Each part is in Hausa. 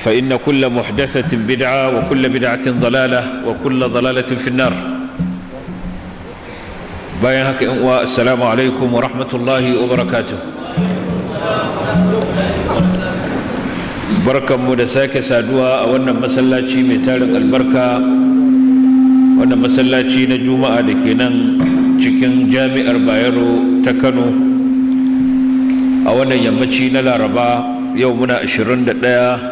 فإن كل محدثة بدعة وكل بدعة ضلالة وكل ضلالة في النار بايعك والسلام عليكم ورحمة الله وبركاته بركة مدساك سادوا وانا مسلاتي متالك البركة وانا مسلاتي نجوم آدكينا cikin jami'ar bayero ta kano a wannan yammaci na laraba yau muna 21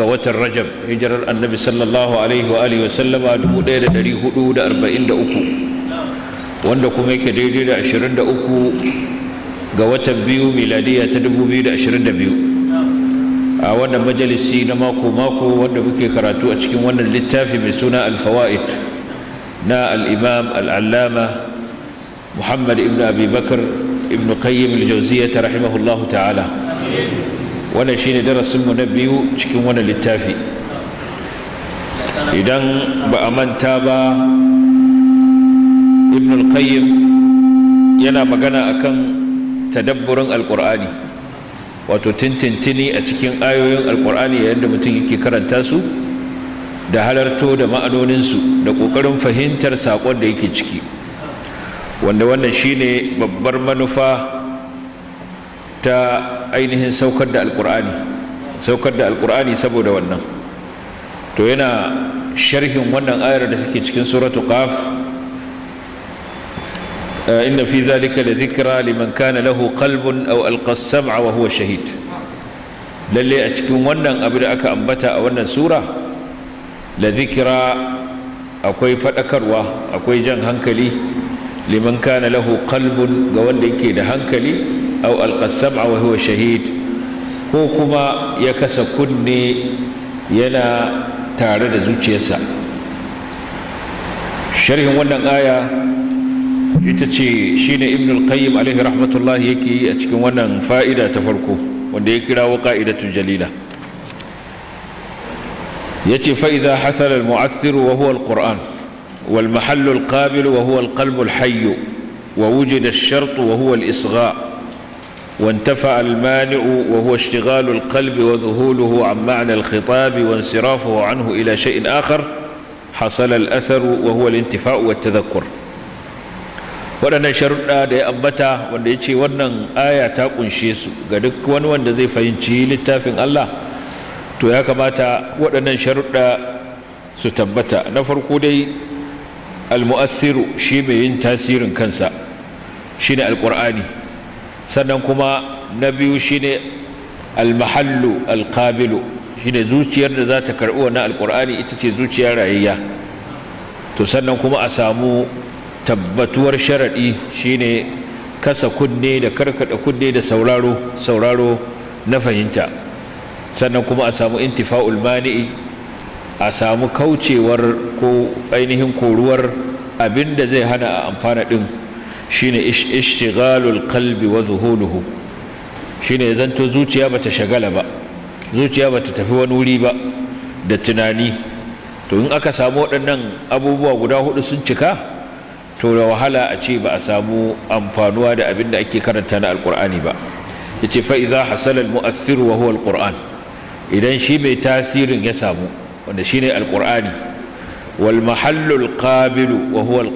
ga watan rajab hijirar annabi sallallahu alaihi wa alihi wasallama 1443 wanda kuma yake daidai da 23 ga watan biyu miladiya ta 2022 a wannan majalisi na mako-mako wanda muke karatu a cikin wannan littafi mai suna alfawa'id na al'imam al'allama muhammad ibn abi bakar ibn qayyim al-jawziyya rahimahullahu ta'ala wannan shine darasinmu na biyu cikin wani littafi idan ba a manta ba ibn al yana magana akan tadabburin alkur'ani wato tintintini a cikin ayoyin alkur'ani yayin da mutum yake karanta su da halarto da ma'anoninsu da ƙoƙarin fahimtar saƙon da yake ciki wanda wannan shine babbar manufa ta ainihin saukar da alkur'ani saukar da alkur'ani saboda wannan to yana sharhin wannan ayar da take cikin suratu qaf ah, inna fi dhalika la dhikra liman kana lahu qalbun aw alqa sama wa huwa shahid lalle a cikin wannan abu da aka ambata a wannan sura la dhikra akwai fadakarwa akwai jan hankali liman kana lahu qalbun ga wanda yake da hankali أو ألقى السمع وهو شهيد كوكما يكسى كني ينا تارد زوجيسا شريح ونن آية يتشي شين ابن القيم عليه رحمة الله يكي أتشك ونن فائدة تفركو ونديكرا وقائدة جليلة يتي فإذا حثل المعثر وهو القرآن والمحل القابل وهو القلب الحي ووجد الشرط وهو الإصغاء وانتفع المانع وهو اشتغال القلب وذهوله عن معنى الخطاب وانصرافه عنه إلى شيء آخر حصل الأثر وهو الانتفاء والتذكر وانا شرنا دي أبتا وانا يتشي وانا آية تاقن شيس قدك وانا وانا زي فينشي لتافن الله تو ماتا وانا شرنا ستبتا نفرق دي المؤثر شيمين تاثير كنسا شين القرآني sannan kuma na biyu shine almahallu alqabilu shine zuciyar da za ta karɓi wannan alƙur'ani ita ce zuciyar rayayya to sannan kuma a samu tabbatuwar sharaɗi shine kasa kunne da karkada kunne da sauraro sauraro na fahimta sannan kuma a samu intifa'ul mani'i a samu kaucewar ko ainihin koruwar abin da zai hana a amfana ɗin shine ishtighalul qalbi wa zuhuluhu shine zanto zuciya bata shagala ba zuciya bata tafi wani wuri ba da tunani to in aka samu waɗannan abubuwa guda hudu sun cika to da wahala a ce ba a samu amfanuwa da abin da ake karanta na alkur'ani ba yace fa idza hasala almu'athir wa huwa alquran idan shi mai tasirin ya samu wanda shine alqur'ani wal mahallu alqabilu wa huwa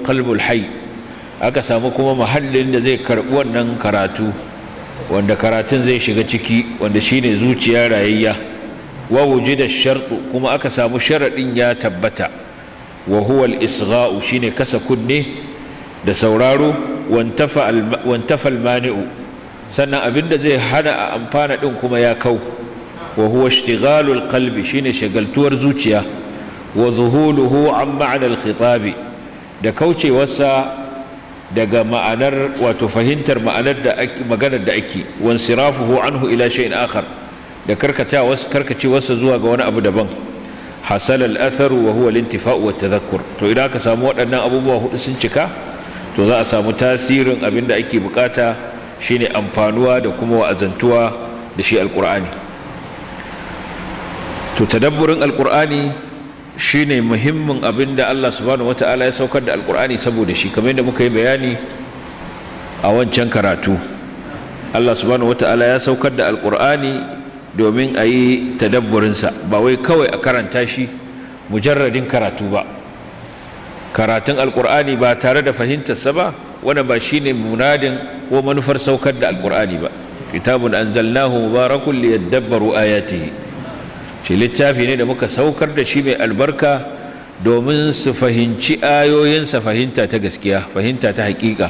aka samu kuma muhallin da zai karɓi wannan karatu wanda karatun zai shiga ciki wanda shine zuciya rayayya wa wujida shartu kuma aka samu sharadin ya tabbata wa huwa al-isgha'u shine kasa kunne da sauraro wantafa wantafa al-mani'u sannan abinda zai hana a amfana din kuma ya kau wa huwa ishtighalu al-qalbi shine shagaltuwar zuciya wa zuhuluhu an ma'na al-khitabi da kaucewarsa daga ma'anar wato fahimtar ma'anar da maganar da ake wansirafuhu anhu ila shay'in akhar da karkata karkace wasu zuwa ga wani abu daban hasal al-athar wa huwa al wa tadhakkur to idan aka samu waɗannan abubuwa hudu sun cika to za a samu tasirin abin da ake bukata shine amfanuwa da kuma wa'azantuwa da shi alqur'ani to tadabburin alqur'ani Shi ne muhimmin abin da Allah subhanahu wata'ala ya saukar da alkur'ani saboda shi kamar yadda muka yi bayani a wancan karatu Allah subhanahu wata'ala ya saukar da alkur'ani domin a yi tadabburinsa ba wai kawai a karanta shi mujarradin karatu ba karatun alkur'ani ba tare da fahimtarsa ba wanda ba shi ne munadin ko manufar saukar da alkur'ani ba kitabun anzalnahu mubarakun liyadabbaru ayatihi shi littafi ne da muka saukar da shi mai albarka domin su fahimci ayoyinsa fahimta ta gaskiya fahimta ta haƙiƙa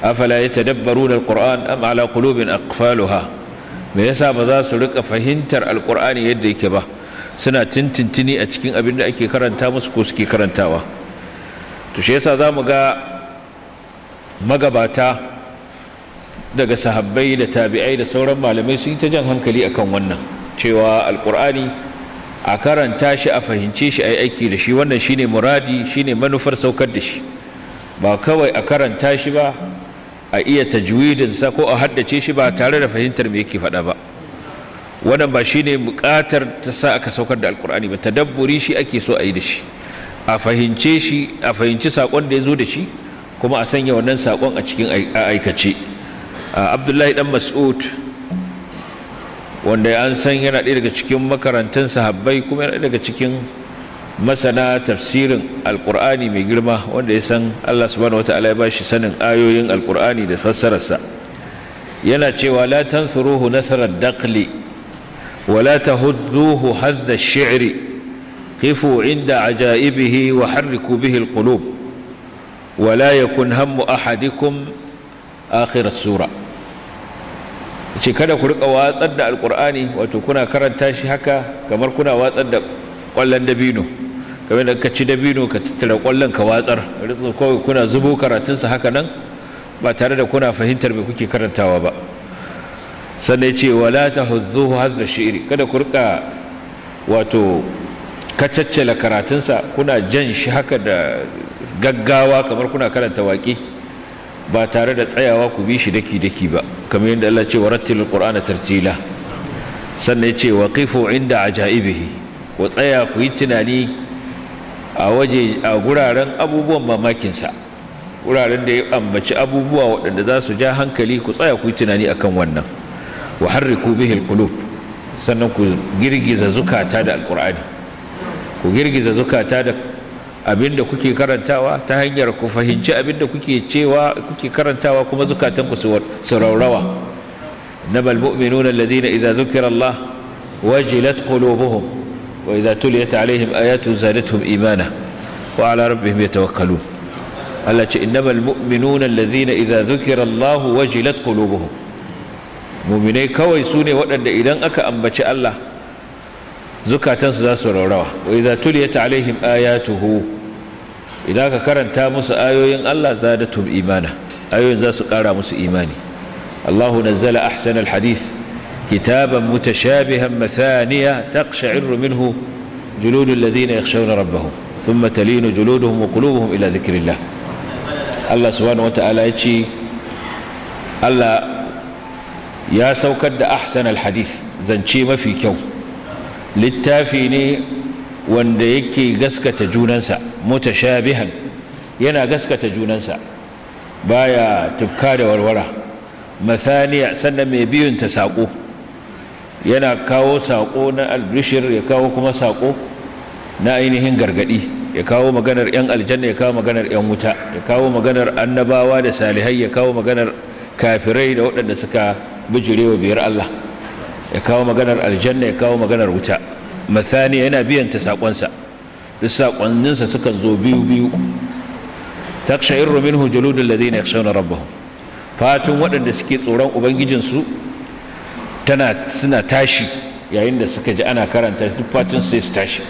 afala ya tadabbaru da alƙur'an am ala qulubin aqfaluha me yasa ba za su rika fahimtar alƙur'ani yadda yake ba suna tintintini a cikin abin da ake karanta musu ko suke karantawa to shi yasa za mu ga magabata daga sahabbai da tabi'ai da sauran malamai sun yi ta jan hankali akan wannan cewa alkur'ani a karanta shi a fahimce shi a yi aiki da shi wannan shine muradi shine manufar saukar da shi ba kawai a karanta shi ba a iya tajwidinsa ko a haddace shi ba tare da fahimtar me yake faɗa ba wannan ba shine buƙatar ta sa aka saukar da alkur'ani ba tadabburi shi ake so a yi da shi a fahimce shi a fahimci saƙon da ya zo da shi kuma a sanya wannan saƙon a cikin aikace abdullahi dan mas'ud wanda an san yana ɗaya daga cikin makarantun sahabbai kuma yana daga cikin masana tafsirin alqur'ani mai girma wanda ya san allah subhanahu wataala ya bashi sanin ayoyin alqur'ani da fassararsa yana cewa la tansuruhu nasra daqli wa la tahudduhu hazza shi'ri qifu inda ajaibihi wa harriku bihi alqulub wa la yakun hammu ahadikum akhir as-surah ce kada ku rika watsar da alkur'ani wato kuna karanta shi haka kamar kuna watsar da kwallon dabino kamar da ka ci dabino ka tattara kwallon ka watsar kawai kuna zubo karatunsa haka nan ba tare da kuna fahimtar mai kuke karantawa ba sannan ce wala ta har da shi'ri kada ku rika wato kacaccala karatunsa kuna jan shi haka da gaggawa kamar kuna karanta waƙi ba tare da tsayawa ku bi shi daki-daki ba kamar yadda Allah ce wa rattilul qur'ana tartila sannan ya ce wa qifu inda ajaibihi ku tsaya ku yi tunani a waje a guraren abubuwan mamakin sa guraren da ya ambaci abubuwa waɗanda za su ja hankali ku tsaya ku yi tunani akan wannan wa harriku bihi alqulub sannan ku girgiza zukata da alqur'ani ku girgiza zukata da abin da kuke karantawa ta hanyar ku fahimci abin da kuke cewa kuke karantawa kuma zukatanku su raurawa nabal mu'minuna alladhina idza dhukira Allah wajilat qulubuhum wa idza tuliyat alaihim ayatu zadatuhum imana wa ala rabbihim yatawakkalun Allah ce innamal mu'minuna alladhina idza dhukira Allah wajilat qulubuhum mu'minai kawai sune waɗanda idan aka ambaci Allah zukatansu za su raurawa wa idza tuliyat alaihim ayatuhu idan ka karanta musu ayoyin Allah zadatum imana ayoyin za su kara musu imani Allahu nazzala ahsana alhadith kitaban mutashabihan mathaniya taqsha'iru minhu جلود الذين يخشون ربهم ثم تلين جلودهم وقلوبهم إلى ذكر الله الله سبحانه وتعالى يتشي الله يا سوكد أحسن الحديث زنشي ما في كون littafi ne wanda yake gaskata junansa mutashabihan yana gaskata junansa baya tufka da warwara masaniya sannan mai biyun ta sako, yana kawo saƙo na albishir ya kawo kuma saƙo na ainihin gargadi ya kawo maganar 'yan aljanna ya kawo maganar 'yan wuta ya kawo maganar annabawa da salihai ya kawo maganar kafirai da waɗanda suka bijirewa biyar Allah ya kawo maganar aljanna ya kawo maganar wuta mathani yana biyanta saƙonsa duk saƙonninsa sukan zo biyu biyu takshayirru minhu juludul ladina yakhshawna rabbahum fatun waɗanda suke tsoron ubangijinsu tana suna tashi yayin da suka ji ana karanta duk fatun sai su tashi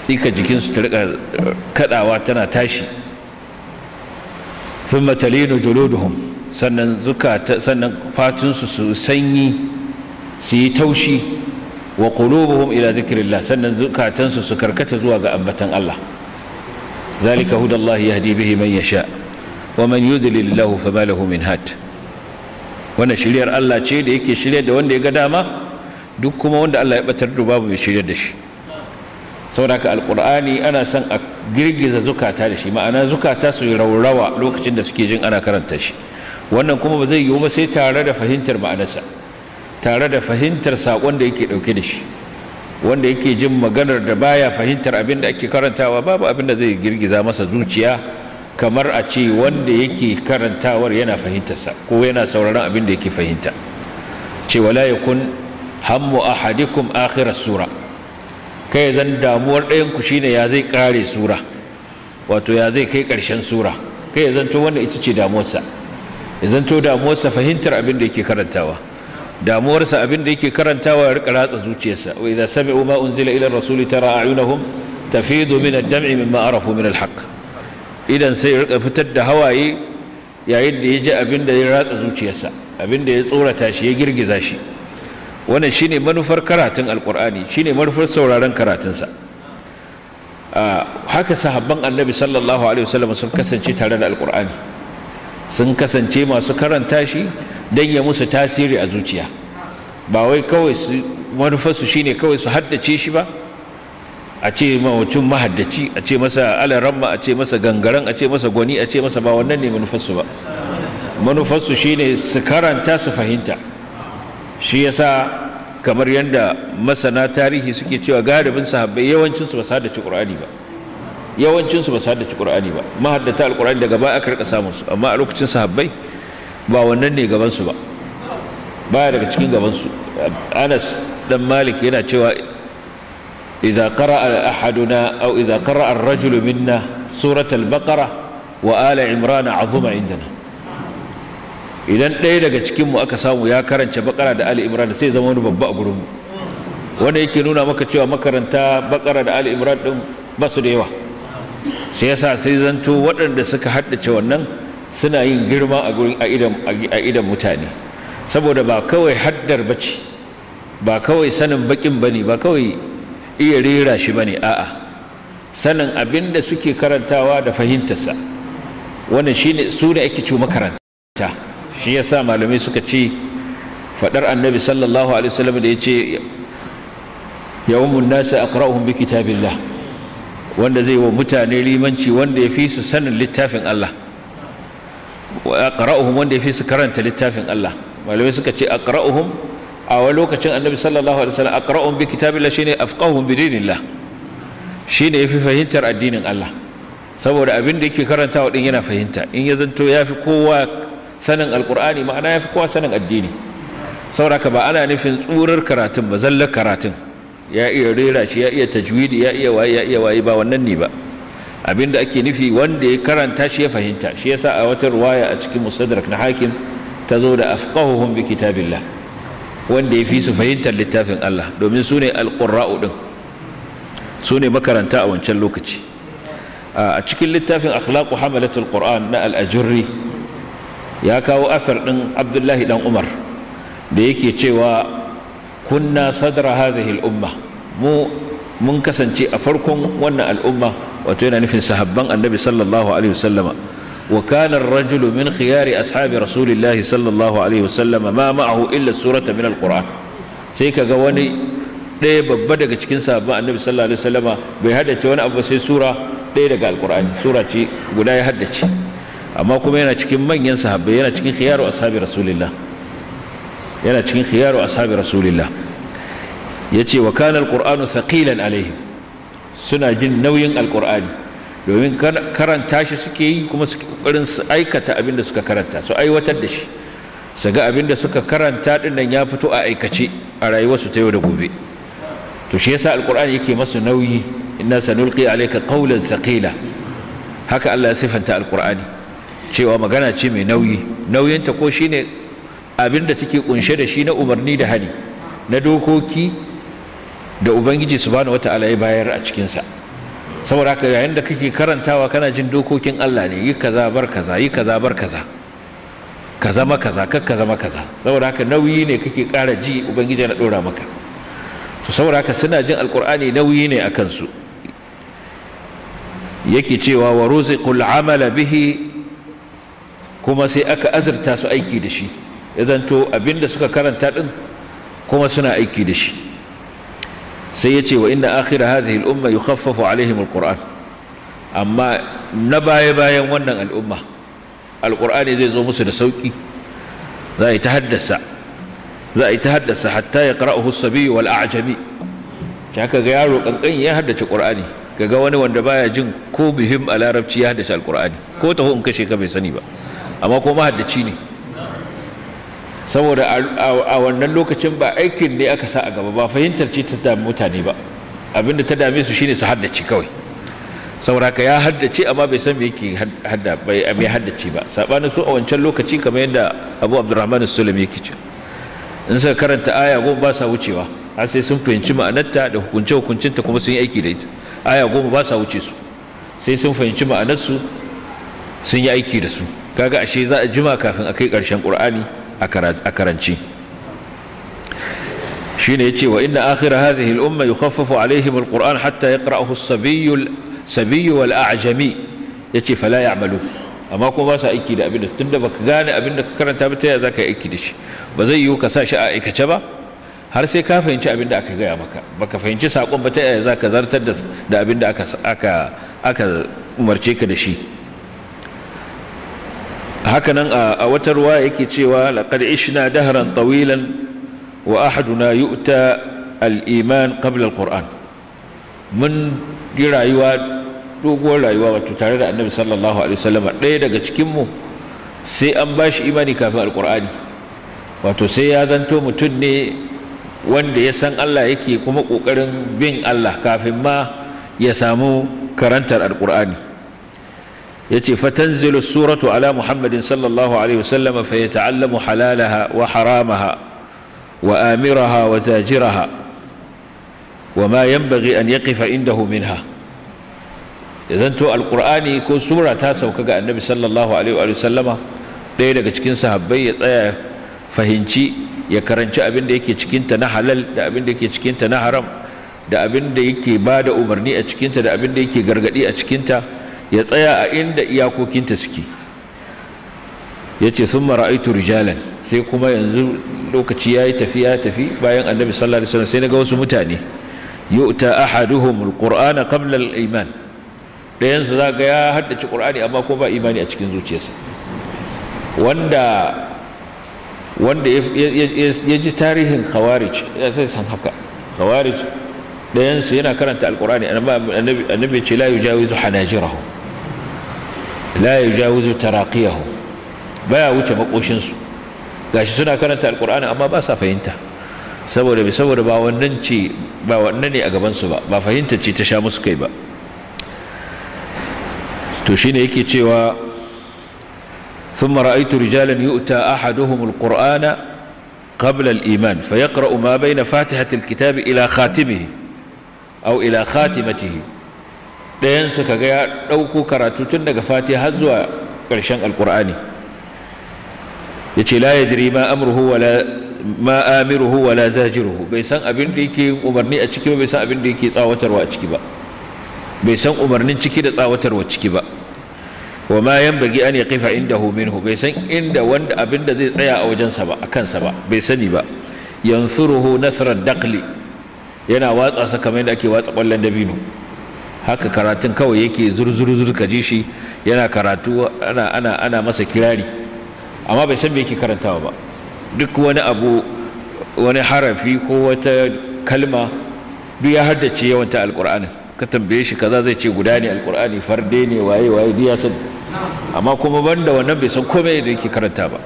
tsika jikinsu ta rika kadawa tana tashi thumma talinu juluduhum sannan zuka sannan fatunsu su sanyi su yi taushi wa qulubuhum ila dhikrillah sannan zukatansu su karkata zuwa ga ambatan Allah zalika hudallahi yahdi bihi man yasha wa man yudlil lahu fama lahu min hat wannan shiryar Allah ce da yake shiryar da wanda ya ga dama duk kuma wanda Allah ya batar da babu mai shirya da shi saboda ka alqur'ani ana son a girgiza zukata da shi ma'ana zukata su raurawa lokacin da suke jin ana karanta shi wannan kuma ba zai yiwu ba sai tare da fahimtar ma'anarsa tare da fahimtar saƙon da yake ɗauke da shi wanda yake jin maganar da baya fahimtar abin da ake karantawa babu abin da zai girgiza masa zuciya kamar a ce wanda yake karantawar yana fahimtarsa ko yana sauraron abin da yake fahimta ce wala yakun hammu hadikun akhirar sura kai zan damuwar ɗayan ku shine ya zai kare sura wato ya zai kai ƙarshen sura kai zan to wanda ita ce damuwarsa ya zanto damuwarsa fahimtar abin da yake karantawa damuwarsa abin da yake karantawa ya rika ratsa zuciyarsa wa idza sami'u ma unzila ila rasuli tara a'yunahum tafidu min ad-dam'i mimma arafu min al-haqq idan sai ya rika fitar da hawaye yayin da ya ji abin da ya ratsa zuciyarsa abin da ya tsorata shi ya girgiza shi wannan shine manufar karatun alqur'ani shine manufar sauraron karatunsa haka sahabban annabi sallallahu alaihi wasallam sun kasance tare da alqur'ani sun kasance masu karanta shi don ya musu tasiri a zuciya ba wai kawai su manufarsu shine kawai su haddace shi ba a ce mutum mahaddaci a ce masa alaramma a ce masa gangaren a ce masa gwani a ce masa ba wannan ne manufarsu ba manufarsu shine su karanta su fahimta shi yasa kamar yadda masana tarihi suke cewa galibin sahabbai yawancinsu ba su haddace qur'ani ba yawancinsu ba su haddace qur'ani ba mahaddata alqur'ani daga baya aka rika samun su amma a lokacin sahabbai ba wannan ne gabansu ba baya daga cikin gabansu anas dan malik yana cewa idza qara'a ahaduna aw idza qara'a ar-rajulu minna surat al-baqara wa ala imran azuma indana idan ɗaya daga cikin mu aka samu ya karanta baqara da ali imran sai zama wani babba a gurin mu wanda yake nuna maka cewa makaranta baqara da ali imran din ba su da yawa sai yasa sai zanto waɗanda suka haddace wannan suna yin girma a idan mutane saboda ba kawai haddar bace ba kawai sanin bakin bane ba kawai iya rera shi bane a'a sanin abin da suke karantawa da fahimtarsa wannan shine su ne ake makaranta shi yasa malamai suka ce faɗar annabi sallallahu alaihi wasallam da yace yawmun nas aqra'uhum bi kitabillah wanda zai wa mutane limanci wanda ya fi su sanin littafin Allah aqra'uhum wanda yafi su karanta littafin Allah malamai suka ce aqra'uhum a wani lokacin annabi sallallahu alaihi wasallam aqra'uhum bi kitabillah shine afqahuhum bi dinillah shine yafi fahimtar addinin Allah saboda abin da yake karantawa din yana fahimta in ya zanto yafi kowa sanin alqur'ani ma'ana yafi kowa sanin addini saboda ba ana nufin tsurar karatun ba zallar karatun ya iya rera shi ya iya tajwidi ya iya waye ya iya waye ba wannan ne ba abinda ake nufi wanda ya karanta shi ya fahimta shi yasa a wata ruwaya a cikin musadrak na hakim ta zo da afqahuhum bi kitabillah wanda ya fi su fahimtar littafin Allah domin su ne alqurra'u din su ne makaranta a wancan lokaci a cikin littafin akhlaqu hamalatul qur'an na al-ajurri ya kawo asar din Abdullahi dan Umar da yake cewa kunna sadra hadhihi al-umma mu mun kasance a farkon wannan al'umma wato yana nufin sahabban annabi sallallahu alaihi wasallama wa kana ar-rajulu min khiyari ashabi rasulillahi sallallahu alaihi wasallama ma ma'ahu illa surata min al-qur'an sai kaga wani ɗaya babba daga cikin sahabban annabi sallallahu alaihi wasallama bai haddace wani abu sai sura ɗaya daga al alqur'ani sura ce guda ya haddace amma kuma yana cikin manyan sahabbai yana cikin khiyaru ashabi rasulillah yana cikin khiyaru ashabi rasulillah Ya ce wa kanar alqur'anu saƙilan alaihi suna jin nauyin alƙur'ani domin karanta shi suke yi kuma suke ƙoƙarin su aikata abin da suka karanta su aiwatar da shi su ga abin da suka karanta din ya fito a aikace a rayuwarsu ta yau da gobe to shi yasa alqur'ani yake masu nauyi inna sanulqi alayka qawlan thaqila haka Allah ya sifanta alƙur'ani cewa magana ce mai nauyi nauyinta ko shine abin da take kunshe da shi na umarni da hani na dokoki da ubangiji subhanahu wata'ala ya bayar a cikinsa saboda haka yayin da kake karantawa kana jin dokokin Allah ne yi kaza bar kaza yi kaza bar kaza ka zama kaza kar ka zama kaza saboda haka nauyi ne kake ƙara ji ubangiji na dora maka to saboda haka suna jin alƙur'ani nauyi ne a kansu yake cewa wa ruziqul amala bihi kuma sai aka azurta su aiki da shi idan to abinda suka karanta din kuma suna aiki da shi sai ya ce wa inna akira hadhihi al'umma umma yukhaffafu alaihim al-qur'an amma na baya bayan wannan al'umma al zai zo musu da sauki za a haddasa za a hatta ya qara'uhu as-sabi wal a'jami ga yaro kankan ya haddace qur'ani kaga wani wanda baya jin ko bihim a larabci ya haddace al ko taho in kashe ka bai sani ba amma ko mahaddaci ne saboda a wannan lokacin ba aikin ne aka sa a gaba ba fahimtar ce ta dami mutane ba abinda ta dame su shine su haddace kawai saboda ka ya haddace amma bai san me yake hadda bai haddace ba sabanin su a wancan lokaci kamar yadda Abu Abdurrahman Sulami yake ce in suka karanta aya goma ba sa wucewa har sai sun fahimci ma'anarta da hukunce hukuncinta kuma sun yi aiki da ita aya goma ba sa wuce su sai sun fahimci ma'anarsu sun yi aiki da su kaga ashe za a jima kafin a kai ƙarshen Qur'ani a karanci shi ne ya ce wa inna akhir hadhihi al-umma yukhaffafu alaihim al-qur'an hatta yaqra'ahu as-sabiyyu sabiyyu wal a'jami yace fala ya'malu amma kuma ba sa aiki da abin da tunda baka gane abin da ka karanta ba ta yaya zaka yi aiki da shi ba zai yiwu ka sa shi a aikace ba har sai ka fahimci abin da aka gaya maka baka fahimci sakon ba ta yaya zaka zartar da abin da aka aka aka umarce ka da shi hakanan a wata ruwa yake cewa laqad ishna dahran tawilan wa ahaduna yu'ta al-iman qabla al-qur'an mun yi rayuwa doguwar rayuwa wato tare da annabi sallallahu alaihi wasallam ɗaya daga cikin mu sai an bashi imani kafin alqur'ani wato sai ya zanto mutum ne wanda ya san Allah yake kuma ƙoƙarin bin Allah kafin ma ya samu karantar alqur'ani Ya ce yace fatanzilu suratu ala muhammadin sallallahu alaihi wasallam fa halalaha wa haramaha wa amiraha wa zajiraha wa ma yanbaghi an yaqifa indahu minha idan to Alƙur'ani ko sura ta sauka ga annabi sallallahu ɗaya daga cikin sahabbai ya tsaya fahimci ya karanci abin da yake cikinta na halal da abin da yake cikinta na haram da abin da yake ba da umarni a cikinta da abin da yake gargaɗi a cikinta ya tsaya a inda iyakokinta suke ya ce sun mara'aitu rijalan sai kuma yanzu lokaci ya yi tafi ya tafi bayan annabi sallallahu alaihi wasallam sai na ga wasu mutane yu'ta ahaduhum alqur'ana qabla al-iman dayan su zaka ya haddace qur'ani amma ko ba imani a cikin zuciyarsa wanda wanda ya ji tarihin khawarij sai san haka khawarij dayan su yana karanta alqur'ani annabi annabi ce la yujawizu hanajirahum لا يجاوز تراقيه با وجه مقوشين سو قاش سنا كانت القرآن أما بس فهمته سبوري بسبوري باوننشي باونني أقبان سبا بفهمت تشي تشامس كيبا تشيني إيكي تشيوا ثم رأيت رجالا يؤتى أحدهم القرآن قبل الإيمان فيقرأ ما بين فاتحة الكتاب إلى خاتمه أو إلى خاتمته ɗayansu kaga ya ɗauko karatu tun daga Fati har zuwa ƙarshen alƙur'ani ya ce la ya jiri ma amruhu wala ma amiruhu wala zajiruhu bai san abin da yake umarni a ciki ba bai san abin da yake tsawatarwa a ciki ba bai san umarnin ciki da tsawatarwa ciki ba wa ma yanbaghi an yaqifa indahu minhu bai san inda wanda abin da zai tsaya a wajensa ba a kansa ba bai sani ba yansuruhu nasran daqli yana watsa sa kamar yadda ake watsa ƙwallon dabino haka karatun kawai yake zurzurzur ka ji shi yana karatu ana ana ana masa kirari amma bai san me yake karantawa ba duk wani abu wani harafi ko wata kalma duk ya haddace yawan ta alqur'anin ka tambaye shi kaza zai ce guda ne alqur'ani farde ne waye waye duk ya san amma kuma banda wannan bai san komai da yake karanta ba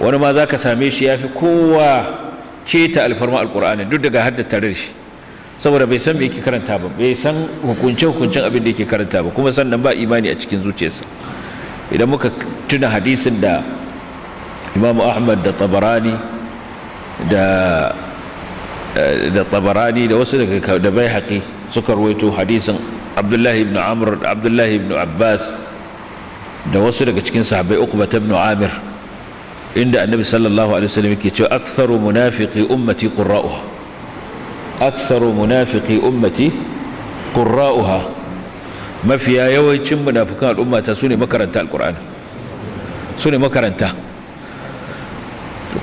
wani ma zaka same shi yafi kowa keta alfarma alqur'ani duk daga haddata shi saboda bai san me yake karanta ba bai san hukunce hukuncin abin da yake karanta ba kuma sannan ba imani a cikin zuciyarsa idan muka tuna hadisin da Imam Ahmad da Tabarani da da Tabarani da wasu daga da bai Baihaqi suka ruwaito hadisin abdullahi ibn Amr da Abdullah ibn Abbas da wasu daga cikin sahabbai Uqba ibn Amir inda Annabi sallallahu alaihi wasallam yake cewa aktharu munafiqi ummati qurra'uha aktharu munafiqi ummati qurra'uha mafiya yawancin munafikan al'ummata sune makaranta alqur'ani sune makaranta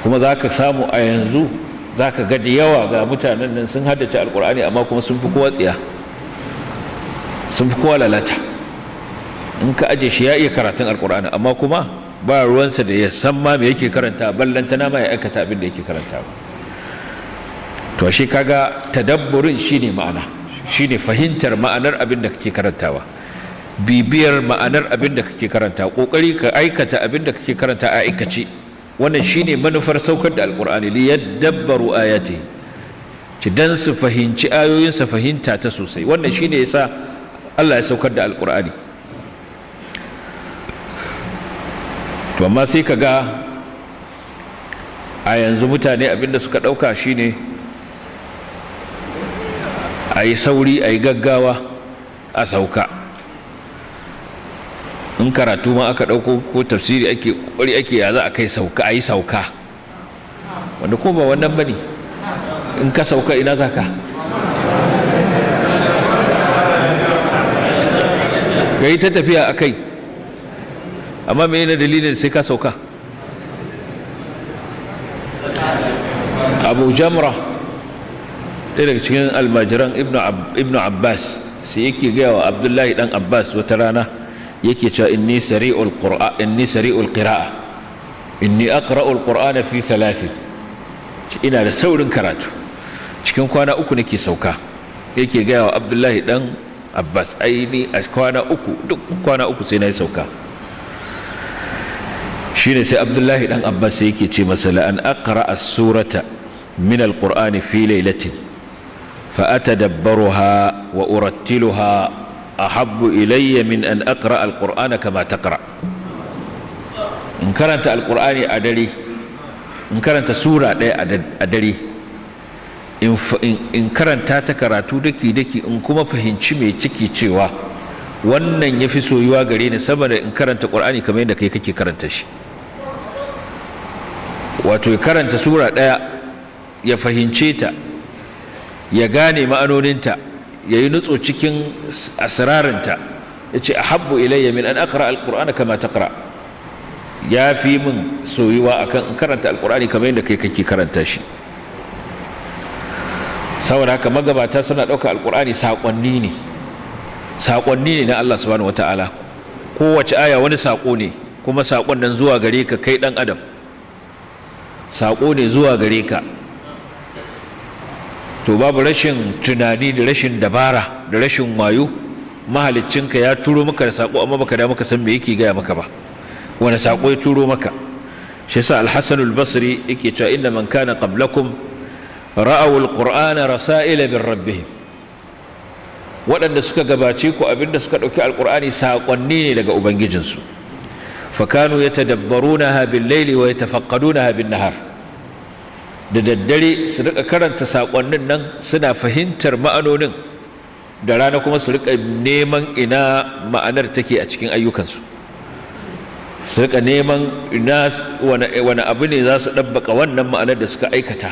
kuma zaka samu a yanzu zaka ga da yawa ga mutanen nan sun haddace alqur'ani amma kuma sun fi kowa tsiya sun fi kowa lalata in ka aje shi ya iya karatun alqur'ani amma kuma ba ruwansa da ya san ma me yake karanta ballantana ma ya aikata abin da yake karanta ba to ashe kaga tadabburin shine ma'ana shine fahimtar ma'anar abin da kake karantawa bibiyar ma'anar abin da kake karanta kokari ka aikata abin da kake karanta a aikace wannan shine manufar saukar da alqur'ani li yadabbaru ayati ki dan su fahimci ayoyin sa fahimta ta sosai wannan shine yasa Allah ya saukar da alqur'ani to amma sai kaga a yanzu mutane abin da suka dauka shine a yi sauri a yi gaggawa a sauka in karatu ma aka ɗauko ko tafsiri ake ƙwari ake ya za a kai sauka a yi sauka wanda ko ba wannan ba ne in ka sauka ina za ka ka yi ta tafiya a kai amma me yana dalilin sai ka sauka abu jamra ɗaya daga cikin almajiran Ibn abbas sai yake gaya wa abdullahi dan abbas wata rana yake cewa inni sari'ul qur'a inni sari'ul qira'a inni aqra'ul qur'ana fi thalathi ina da saurin karatu cikin kwana uku nake sauka yake gaya wa abdullahi dan abbas aini a kwana uku duk kwana uku sai na yi sauka shine sai abdullahi dan abbas yake ce masa la'an aqra'a surata min alqur'ani fi laylatin فأتدبرها وأرتلها أحب إلي من أن أقرأ القرآن كما تقرأ إن كرنت القرآن أدري إن كرنت سورة أدري in karanta ta karatu daki-daki in kuma fahimci mai ciki cewa wannan ya fi soyuwa gare ni saboda da in karanta ƙur'ani kamar yadda kai kake karanta shi wato karanta sura ɗaya ya fahimce ta ya gane ma'anoninta ya yi nutso cikin asirarinta ya ce a habbu ilayya min an akara alƙur'ana kama ta ƙara. ya fi min soyuwa akan in karanta alƙur'ani kamar yadda kai kake karanta shi saboda haka magabata suna ɗauka alƙur'ani saƙonni ne saƙonni ne na Allah subhanahu ta'ala kowace aya wani saƙo ne kuma saƙon nan zuwa gare ka kai ɗan adam saƙo ne zuwa gare ka to babu rashin tunani da rashin dabara da rashin wayo mahaliccinka ya turo maka da sako amma baka da maka san me yake gaya maka ba wani sako ya turo maka shi yasa Alhassan hasan basri yake cewa inna man kana qablakum ra'aw al-Qur'ana rasaila bir rabbihim waɗanda suka gabace ku abinda suka ɗauki alƙur'ani saƙonni ne daga ubangijinsu fakanu yatadabbarunaha bil-laili wa yatafaqqadunaha bin-nahar da daddare su rika karanta saƙonnin nan suna fahimtar ma'anonin da rana kuma su rika neman ina ma'anar take a cikin ayyukansu su rika neman ina wani abu ne za su ɗabbaka wannan ma'anar da suka aikata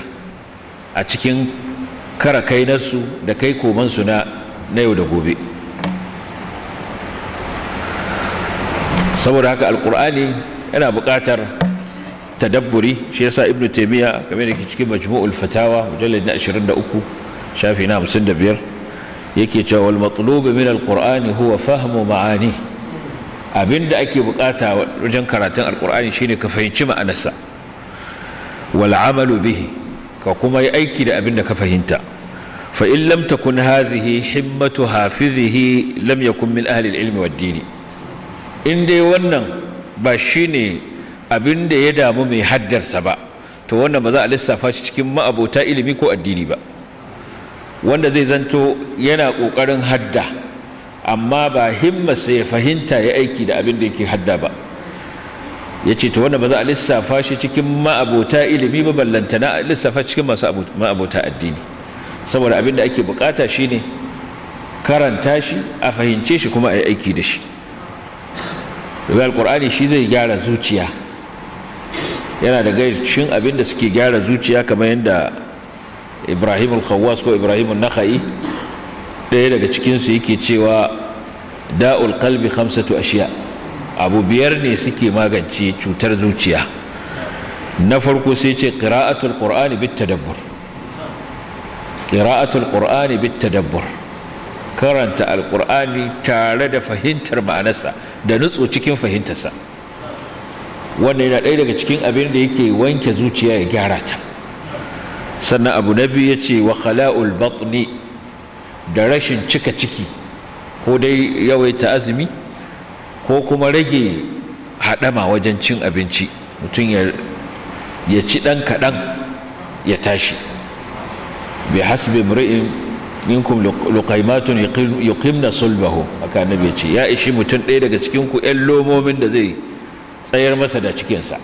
a cikin kara kai nasu da kai komansu na yau da gobe saboda haka alkur'ani yana buƙatar tadabburi shi yasa ibn taymiya kamar da cikin majmu'ul fatawa mujallad na 23 shafi na 55 yake cewa wal matlub min alqur'ani huwa fahmu ma'ani abinda ake bukata wajen karatun alqur'ani shine ka fahimci ma'anarsa wal amalu bihi ka kuma yi aiki da abinda ka fahimta fa in lam takun hadhihi himmatu hafizihi lam yakun min ahli al-ilmi wad-dini in dai wannan ba shine abin da ya damu mai haddarsa ba to wannan ba za a lissafa shi cikin ma'abota ilimi ko addini ba wanda zai zanto yana ƙoƙarin hadda amma ba himmarsa ya fahimta ya aiki da abin da yake hadda ba ya ce to wannan ba za a lissafa shi cikin ma'abota ilimi ba ballanta a lissafa cikin masu ma'abota addini saboda abin da ake bukata shine karanta shi a fahimce shi kuma a yi aiki da shi. al Alƙur'ani shi zai gyara zuciya yana da gaishin abin da suke gyara zuciya kamar yadda ibrahim al-khawwas ko ibrahim al-nakha'i ɗaya daga cikinsu yake cewa da'ul qalbi khamsatu ashiya abu biyar ne suke magance cutar zuciya na farko sai ce qira'atul qur'ani bit tadabbur qira'atul qur'ani bit tadabbur karanta alqur'ani tare da fahimtar ma'anarsa da nutso cikin fahimtarsa wannan yana ɗaya daga cikin abin da yake wanke zuciya ya gyara ta sannan abu na biyu ya ce wa khala'ul batni da rashin cika ciki ko dai yawaita azumi ko kuma rage haɗama wajen cin abinci mutum ya ci ɗan kaɗan ya tashi bi hasbi mri'in minkum luqaymatun yuqimna sulbahu haka annabi ya ce ya ishi mutum ɗaya daga cikin ku ƴan lomomin da zai tsayar masa da cikinsa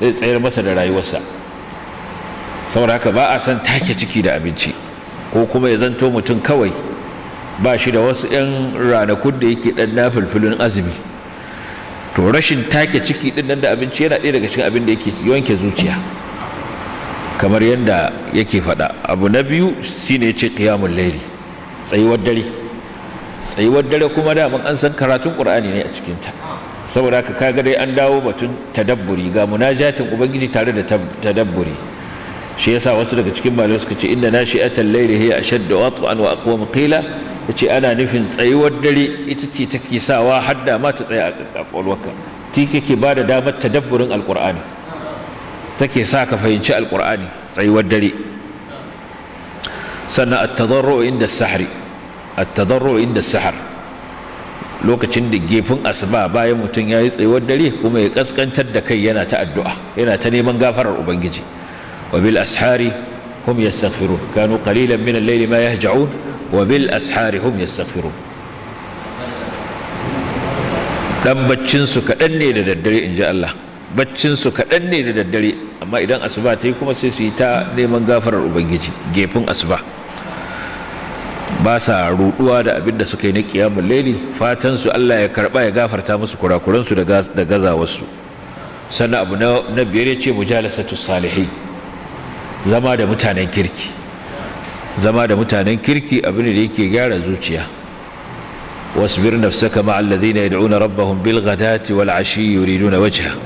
zai tsayar masa da rayuwarsa saboda haka ba a san take ciki da abinci ko kuma ya zanto mutum kawai ba shi da wasu 'yan ranakun da yake ɗan na filfilin azumi to rashin take ciki ɗin nan da abinci yana ɗaya daga cikin abin da yake wanke zuciya kamar yadda yake faɗa abu na biyu shine ne ce ƙiyamun laili tsayuwar dare tsayuwar dare kuma daman an san karatun ƙur'ani ne a cikinta saboda haka kaga dai an dawo batun tadabburi ga munajatin ubangiji tare da tadabburi shi yasa wasu daga cikin malamai suka ce inna nashi'atal layli hiya ashaddu wat'an wa aqwamu qila yace ana nufin tsayuwar dare ita ce take sawa hadda ma ta tsaya a kwakwalwarka ti kake ba da damar tadabburin alqur'ani take sa ka fahimci alkur'ani tsayuwar dare sannan at-tadarru inda sahri at-tadarru inda sahri lokacin da gefen asuba bayan mutum ya yi tsayuwar dare kuma ya kaskantar da kai yana ta addu'a yana ta neman gafarar ubangiji wa bil ashari hum yastaghfirun kanu qalilan min al-layli ma yahja'un wa bil ashari hum yastaghfirun dan baccin su kadan ne da daddare in ji Allah baccin su kadan ne da daddare amma idan asuba ta yi kuma sai su yi ta neman gafarar ubangiji gefin asuba ba sa ruduwa da abin da suka yi na kiyamul laili fatan su Allah ya karba ya gafarta musu kurakuran da gazawar su sannan abu na biyar ya ce mujalasatu Salihi. zama da mutanen kirki zama da mutanen kirki abin da yake gyara zuciya wasbir nafsaka ma alladhina yad'una rabbahum bil ghadati wal ashi yuriduna wajha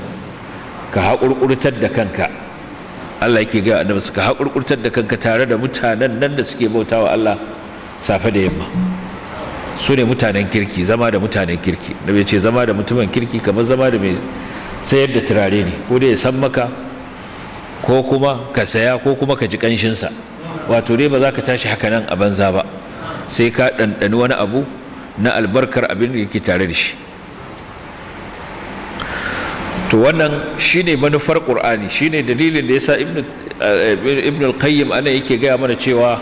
ka haƙurƙurtar da kanka Allah yake ga annabi ka haƙurƙurtar da kanka tare da mutanen nan da suke bautawa Allah safe da yamma su ne mutanen kirki zama da mutanen kirki da bai ce zama da mutumin kirki kamar zama da mai sayar da turare ne ko da ya san maka ko kuma ka saya ko kuma ka ji kanshinsa wato dai ba za ka tashi haka nan a banza ba sai ka ɗanɗani wani abu na albarkar abin da yake tare da shi to wannan shine manufar qur'ani shine dalilin da ya sa ibn eh, al-qayyim ana yake gaya mana cewa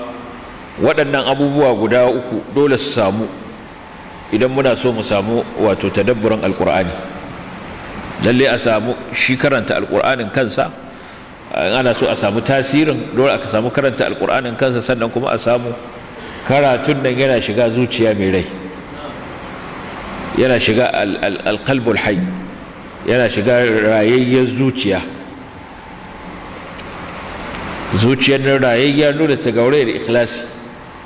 waɗannan abubuwa guda uku dole su samu idan muna so mu samu wato tadabburan Alƙur'ani lalle a samu shi karanta Alƙur'anin kansa ana so a samu tasirin dole aka samu karanta Alƙur'anin kansa sannan kuma a samu karatun nan yana shiga zuciya mai rai yana shiga alkalbul hai yana shiga rayayyar zuciya zuciyar nan rayayya nuna ta gaure da ikhlasi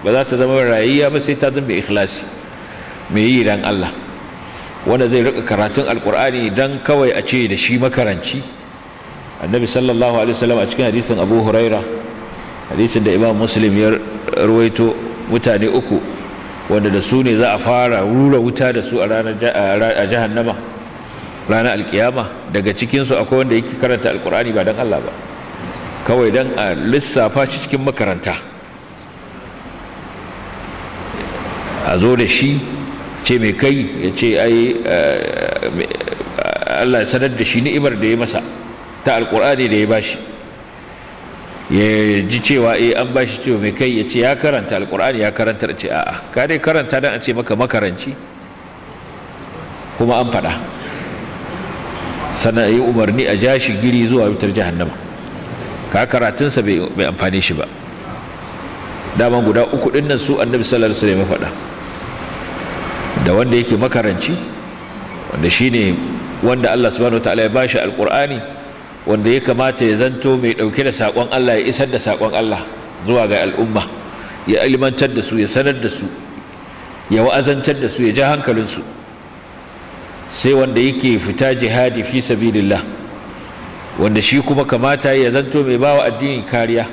ba za ta zama rayayya ba sai ta zama ikhlasi mai yi dan Allah wanda zai rika karatun alkur'ani dan kawai a ce da shi makaranci annabi sallallahu alaihi wasallam a cikin hadisin abu huraira hadisin da imam muslim ya ruwaito mutane uku wanda da su ne za a fara rura wuta da su a jahannama ranar alkiyama daga cikinsu akwai wanda yake karanta alkur'ani ba don allah ba kawai don a lissafa shi cikin makaranta a zo da shi ce mai kai ya ce ai eh, Allah sanar da shi ni'imar da ya masa ta alkur'ani da ya bashi ya ji cewa eh an bashi ce mai kai ya ce ya karanta alkur'ani ya karanta ce a'a ka dai karanta dan a ce maka makaranci kuma an faɗa sannan yi umarni a ja shi giri zuwa wutar jahannama ka karatunsa bai amfane shi ba dama guda uku ɗinnan nan su annabi sallallahu alaihi wasallam faɗa da wanda yake makaranci wanda shine wanda Allah subhanahu wataala ya bashi alqur'ani wanda ya kamata ya zanto mai dauke da sakon Allah ya isar da sakon Allah zuwa ga al'umma ya ilmantar da su ya sanar da su ya wa'azantar da su ya ja hankalinsu sai wanda yake fita jihadi fi sabilillah wanda shi kuma kamata ya zanto mai bawa addini kariya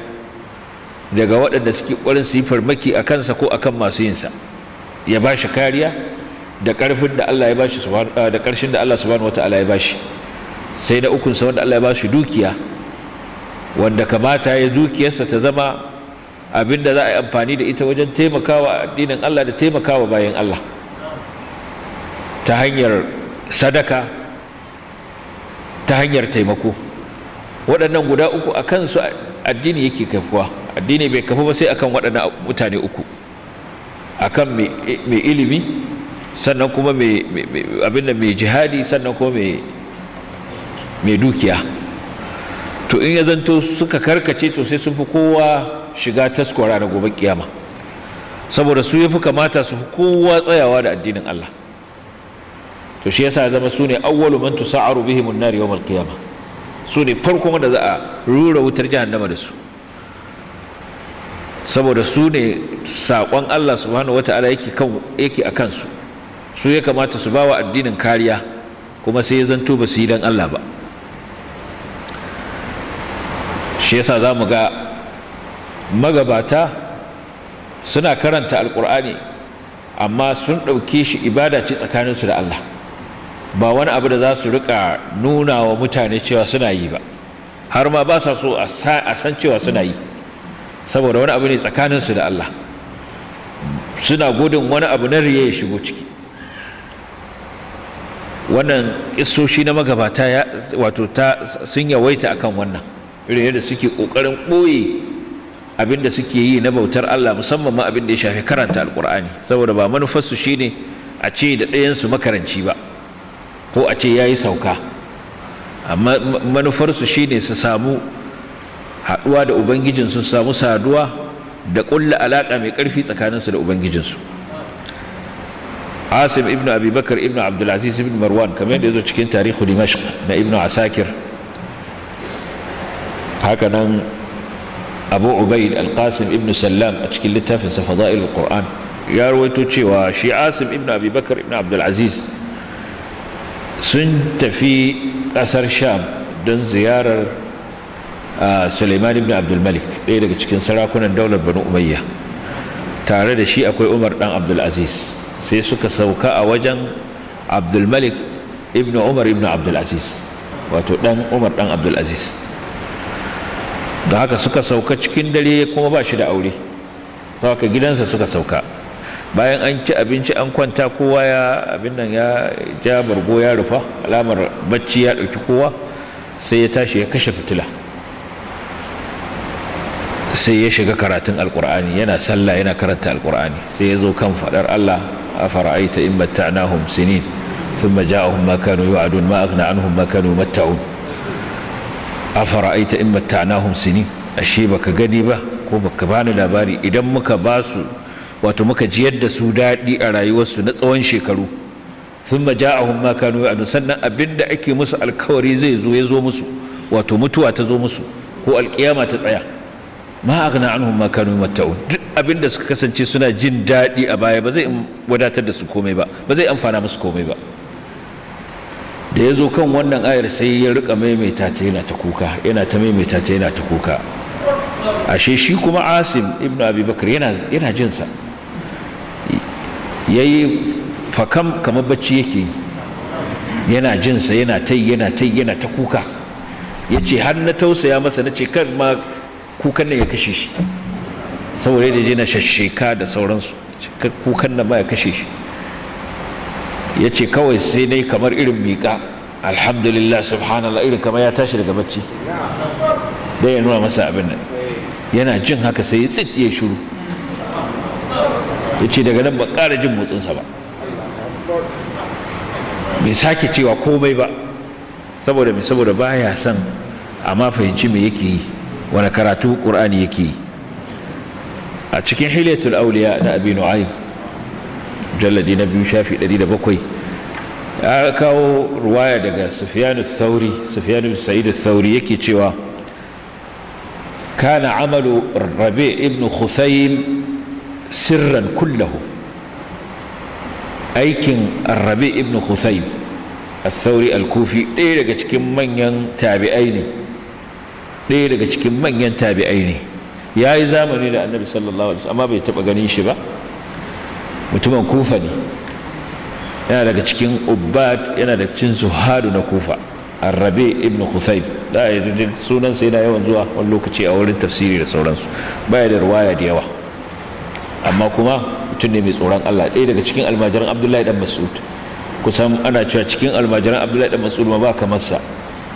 daga waɗanda suke ƙwarin su yi farmaki a kansa ko a kan masu yinsa ya ba shi kariya da ƙarfin da Allah ya ba shi ah, da ƙarshen da Allah subhanahu wata'ala ya ba shi sai na ukunsa wanda Allah ya ba shi dukiya wanda kamata ya dukiyarsa ta zama abin da za a yi amfani da ita wajen taimakawa addinin Allah da taimakawa bayan Allah ta hanyar sadaka ta hanyar taimako waɗannan guda uku a kansu addini yake kafuwa addini bai kafa ba sai akan waɗannan mutane uku akan mai ilimi sannan kuma abinda mai jihadi sannan kuma mai dukiya to in ya zanto suka karkace to sai sun fi kowa shiga taskwara na gobe kiyama saboda su ya fi kamata su fi kowa tsayawa da addinin Allah to shi yasa zama su ne awwalu man tusa'aru bihim an-nar yawm al-qiyamah su ne farkon da za a rura wutar jahannama da su saboda su ne saƙon Allah subhanahu wata'ala yake ala yake a kansu su ya kamata su bawa addinin kariya kuma sai ya zanto ba su yi don Allah ba shi yasa za mu ga magabata suna karanta alƙur'ani amma sun ɗauke shi ibada ce tsakaninsu da Allah ba wani abu da za su riƙa nuna wa mutane cewa suna yi ba har ma ba sa so a san cewa suna yi saboda wani abu ne tsakaninsu da Allah suna gudun wani abu na riye ya shigo ciki wannan ƙisoshi na magabata wato ta sun yawaita akan wannan irin yadda suke ƙoƙarin ɓoye abin da suke yi na bautar Allah musamman ma abin da ya shafi karanta alkur'ani saboda ba manufarsu shine a ce da ɗayansu makaranci ba ko a ce ya yi sauka amma manufarsu shine su samu haɗuwa da ubangijinsu sun samu saduwa da ƙulla alaƙa mai ƙarfi tsakaninsu da ubangijinsu asim ibn abubakar ibn abdulaziz ibn marwan kamar yadda ya zo cikin tarihu dimashq na ibn asakir hakanan abu ubaid alqasim ibn sallam a cikin littafin sa fada'il alquran ya rawaito cewa shi asim ibn abubakar ibn abdulaziz sun tafi ƙasar sham don ziyarar Ah, Suleiman ibn Abdul Malik ɗaya daga cikin sarakunan daular Banu Umayya tare da shi akwai Umar dan Abdul Aziz sai suka sauka a wajen Abdul Malik ibn Umar ibn Abdul Aziz wato dan Umar dan Abdul Aziz da haka suka sauka cikin dare kuma ba shi da aure haka gidansa suka sauka bayan an ci abinci an kwanta kowa ya abin nan ya ja bargo ya rufa alamar bacci ya ɗauki kowa sai ya tashi ya kashe fitila sai ya shiga karatun alkur'ani yana sallah yana karanta alkur'ani sai ya zo kan fadar Allah afara'aita in matta'nahum sinin thumma ja'ahum ma kanu yu'adun ma aghna anhum ma kanu matta'un afara'aita in matta'nahum sinin ashe baka gani ba ko baka bani labari idan muka ba su wato muka jiyar da su daɗi a rayuwarsu na tsawon shekaru thumma ja'ahum ma kanu yu'adun sannan abinda ake musu alkawari zai zo ya zo musu wato mutuwa ta zo musu ko alkiyama ta tsaya ma aghna anhum ma kanu yamatta'un duk abinda suka kasance suna jin daɗi a baya ba zai wadatar da su komai ba ba zai amfana musu komai ba da ya zo kan wannan ayar sai ya rika maimaita ta yana ta kuka yana ta maimaita ta yana ta kuka ashe shi kuma asim ibn abubakar yana yana jin sa yayi fakam kamar bacci yake yana jinsa. sa yana ta, yana ta, yana ta kuka yace har na tausaya masa na ce kan ma kukan nan ya kashe shi saboda da na shasheka da sauransu kukan nan ba ya kashe shi ya ce kawai sai na yi kamar irin miƙa alhamdulillah subhanallah irin kamar ya tashi daga bacci da ya nuna masa abin nan yana jin haka sai ya tsit ya shuru ya ce daga nan ba ƙara jin motsinsa ba bai sake cewa komai ba saboda mai saboda baya son a ma fahimci me yake yi wani karatu ƙur'ani yake a cikin hilatul auliya na abi nu'aym jalladi na biyu shafi ɗari da Bakwai, ya kawo ruwaya daga Sufiyanu sauri sufyanu sa'id sauri yake cewa kana amalu rabe ibn khusayl sirran kullahu aikin rabe ibn khusayl A sauri al-kufi ɗaya daga cikin manyan tabi'ai ne ɗaya daga cikin manyan tabi'ai ne ya yi zamani da annabi sallallahu alaihi amma bai taɓa ganin shi ba mutumin kufa ne yana daga cikin ubbad yana daga cikin zuhadu na kufa arrabe ibn khusayb da a yi sunan sai na yawan zuwa wani lokaci a wurin tafsiri da sauransu baya da ruwaya da yawa amma kuma mutum ne mai tsoron Allah ɗaya daga cikin almajiran Abdullahi dan Mas'ud kusan ana cewa cikin almajiran Abdullahi dan Mas'ud ma ba kamar sa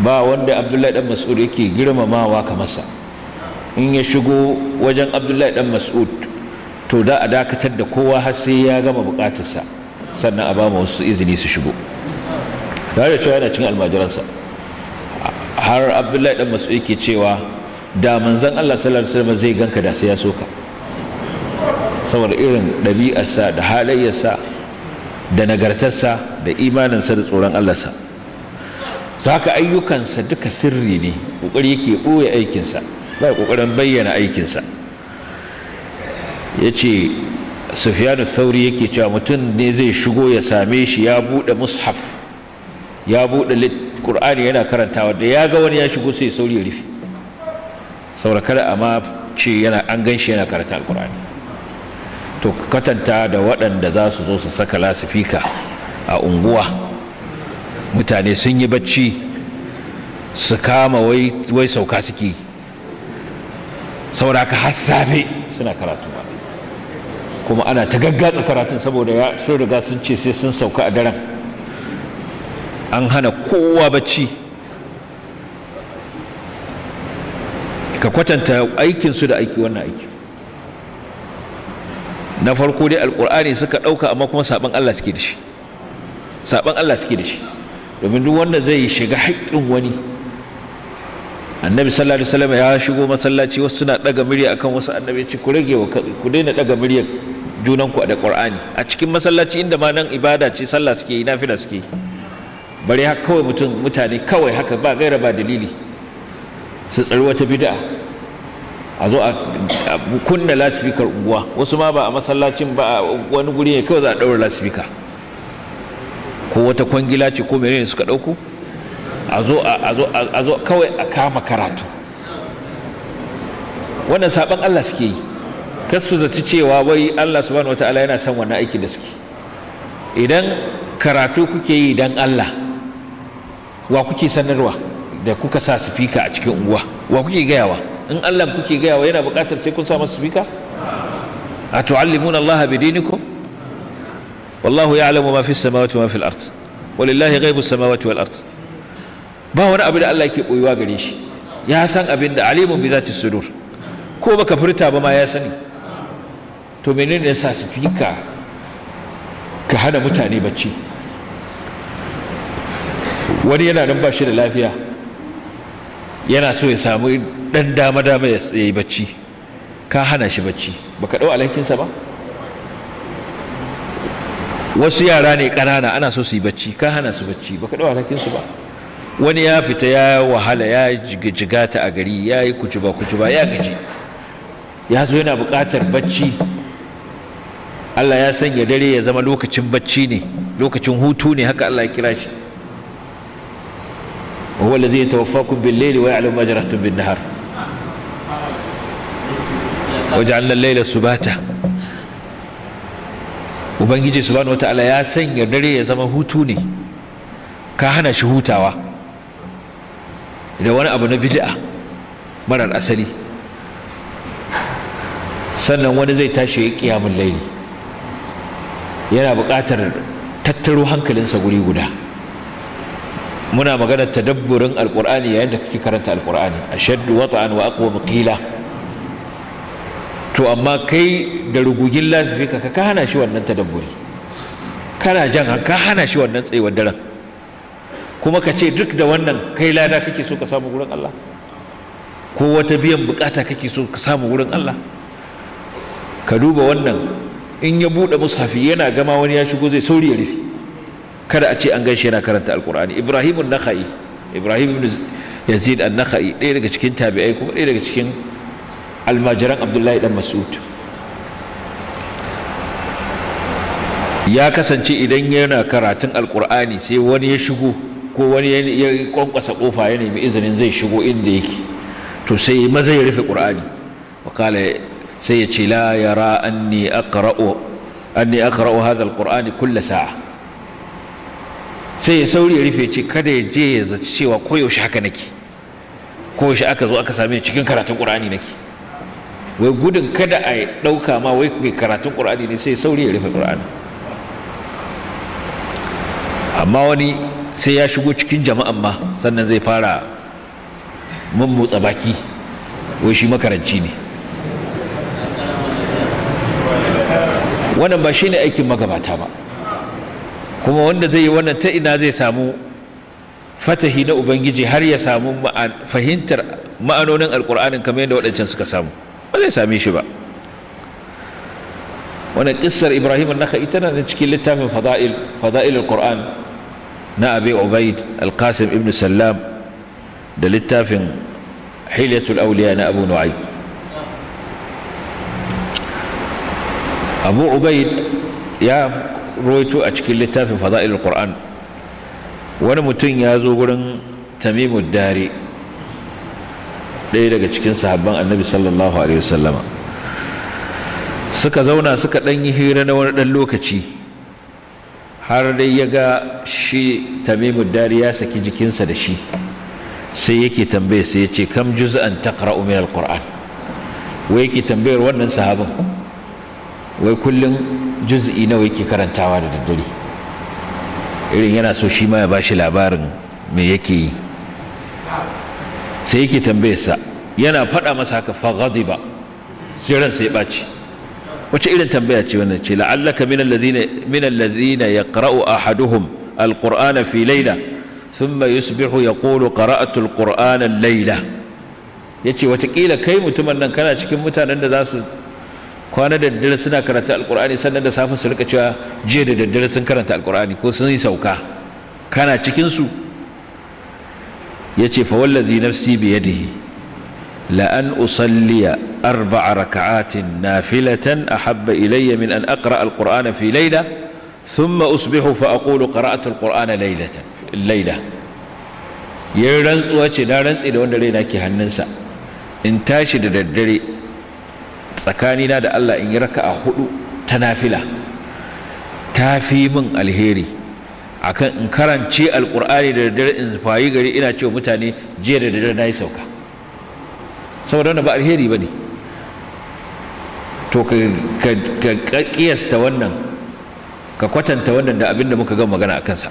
ba wanda abdullahi dan mas'ud yake girmamawa kamar sa in ya shigo wajen abdullahi dan mas'ud to da a dakatar da kowa har sai ya gama bukatarsa sannan a ba mu wasu izini su shigo tare da cewa yana cin almajiransa har abdullahi dan mas'ud yake cewa da manzon Allah sallallahu alaihi wasallam zai ganka da sai ya soka saboda irin ɗabi'arsa da halayyarsa da nagartarsa da imaninsa da tsoron Allah sa ta haka ayyukansa duka sirri ne ƙoƙari yake ɓoye aikinsa ba ƙoƙarin bayyana aikinsa ya ce sufiyanu sauri yake cewa mutum ne zai shigo ya same shi ya buɗe mushaf ya buɗe ƙur'ani yana karanta da ya ga wani ya shigo sai sauri ya rufe saboda kada amma ce yana an gan shi yana karanta alƙur'ani to katanta da waɗanda za su zo su saka lasifika a unguwa mutane sun yi bacci su kama wai sauka suke saboda har safe suna karatu kuma ana ta gaggatsa karatun saboda ya so riga sun ce sai sun sauka a daren an hana kowa bacci ka kwatanta aikinsu da aiki wannan aiki na farko dai alkur'ani suka ɗauka amma kuma saɓan allah suke da shi saɓan allah suke da shi domin duk wanda zai shiga haƙƙin wani annabi sallallahu alaihi wasallam ya shigo masallaci wasu suna daga murya akan wasu annabi ce ku rage ku daina daga murya junanku da qur'ani a cikin masallaci inda ma nan ibada ce sallah suke yi nafila suke yi bari haka kawai mutum mutane kawai haka ba gaira ba dalili su tsari wata bid'a a zo a kunna lasifikar unguwa wasu ma ba a masallacin ba a wani guri ne kawai za a ɗaura lasifika ko wata kwangila ce ko menene suka ɗauko a zo a zo kawai a kama karatu wannan saban Allah suke yi kar su zaci cewa wai Allah subhanahu wataala yana son wannan aiki da suke idan karatu kuke yi dan Allah wa kuke sanarwa da kuka sa sifika a cikin unguwa wa kuke gayawa in Allah kuke gayawa yana buƙatar sai kun sa masa sifika a tu'allimuna Allah bidinikum wallahu ya'lamu ma fi samawati ma fil ard walillahi ghaibus samawati wal ard ba wani abu da Allah yake boyuwa gare shi ya san abin da alimun bi zati sudur ko baka furta ba ma ya sani to menene yasa su fika ka hana mutane bacci wani yana nan ba shi da lafiya yana so ya samu dan dama dama ya yi bacci ka hana shi bacci baka dau sa ba wasu yara ne ƙanana ana so su yi bacci ka hana su bacci baka ɗau alhakin su ba wani ya fita ya wahala ya jigata a gari ya yi kujuba-kujuba, ya gaji ya zo yana buƙatar bacci Allah ya sanya dare ya zama lokacin bacci ne lokacin hutu ne haka Allah ya kira shi وهو wa يتوفاكم بالليل ويعلم bin nahar بالنهار وجعلنا الليل subata ubangiji subhanahu wataala ya sanya dare ya zama hutu ne ka hana shi hutawa da wani abu na bid'a marar asali sannan wani zai tashi ya kiyamun laili yana buƙatar tattaro hankalinsa guri guda muna maganar tadabburin alƙur'ani yayin da kake karanta alƙur'ani ashaddu wata'an wa aqwa qila to amma kai da rugugin lasifika ka ka hana shi wannan tadabburi kana jan ka hana shi wannan tsayuwar daren kuma ka ce duk da wannan kai lada kake so ka samu wurin Allah ko wata biyan bukata kake so ka samu wurin Allah ka duba wannan in ya bude musafi yana gama wani ya shigo zai sauri ya rufe kada a ce an ganshi yana karanta alkur'ani ibrahim an-nakhai ibrahim ibn yazid an-nakhai ɗaya daga cikin tabi'ai kuma ɗaya daga cikin almajiran abdullahi dan mas'ud ya kasance idan yana karatun alkur'ani sai wani ya shigo ko wani ya kwankwasa kofa ya nemi izinin zai shigo inda yake to sai maza ya rufe qur'ani wa sai ya ce la yara anni aqra'u anni aqra'u hadha alqur'ani kull sa'a sai ya sauri ya rufe ce kada ya je ya zaci cewa koyaushe haka nake koyaushe aka zo aka same ni cikin karatun qur'ani nake wai gudun kada a ɗauka ma wai mai karatun ƙur'ani ne sai sauri ya rufe ƙur'ani amma wani sai ya shigo cikin jama'an ma sannan zai fara mun motsa baki wai shi makaranci ne wannan ba shi ne aikin magabata ba kuma wanda zai yi wannan ta ina zai samu fatahi na ubangiji har ya samu fahimtar ma'anonin alkur'anin kamar yadda waɗancan suka samu ba zai same shi ba wani kissar ibrahim naka ita na cikin littafin fada'il fada'il al na abi ubaid ibn sallam da littafin hilyatul awliya na abu nu'aym abu ubaid ya roito a cikin littafin fada'il al wani mutum ya zo gurin tamimud dari ɗaya daga cikin sahabban annabi sallallahu alaihi wasallama suka zauna suka ɗan yi hira na wani ɗan lokaci har dai ya ga shi tamimu dari ya saki jikinsa da shi sai yake tambaye sai ya ce kam juz'an taqra'u min alquran wai yake tambayar wannan sahabin wai kullum juz'i nawa yake karantawa da daddare irin yana so shi ma ya bashi labarin me yake yi sai yake tambayarsa yana faɗa masa haka fa ghadiba kiran sai ɓaci wace irin tambaya ce wannan ce la'allaka min alladhina min alladhina yaqra'u ahaduhum alqur'ana fi layla thumma yusbihu yaqulu qara'atu alqur'ana layla yace watakila kai mutumin nan kana cikin mutanen da za su kwana da daddare suna karanta alqur'ani sannan da safe su rika cewa jiya da daddare sun karanta alqur'ani ko sun yi sauka kana cikin su yace fa wallazi nafsi bi yadihi لأن أصلي أربع ركعات نافلة أحب إلي من أن أقرأ القرآن في ليلة ثم أصبح فأقول قرأت القرآن ليلة الليلة يرنس وجه لا رنس إلى وند لينا هننسا إن تاشي ددري تسكانينا الله إن يركع هدو تنافلة تافي من الهيري akan in karance القرآن da إن in إنا gari متاني جير mutane نايسوكا saboda wanda ba alheri ba ne to ka kiyasta wannan ka kwatanta wannan da abin da muka ga magana a kansa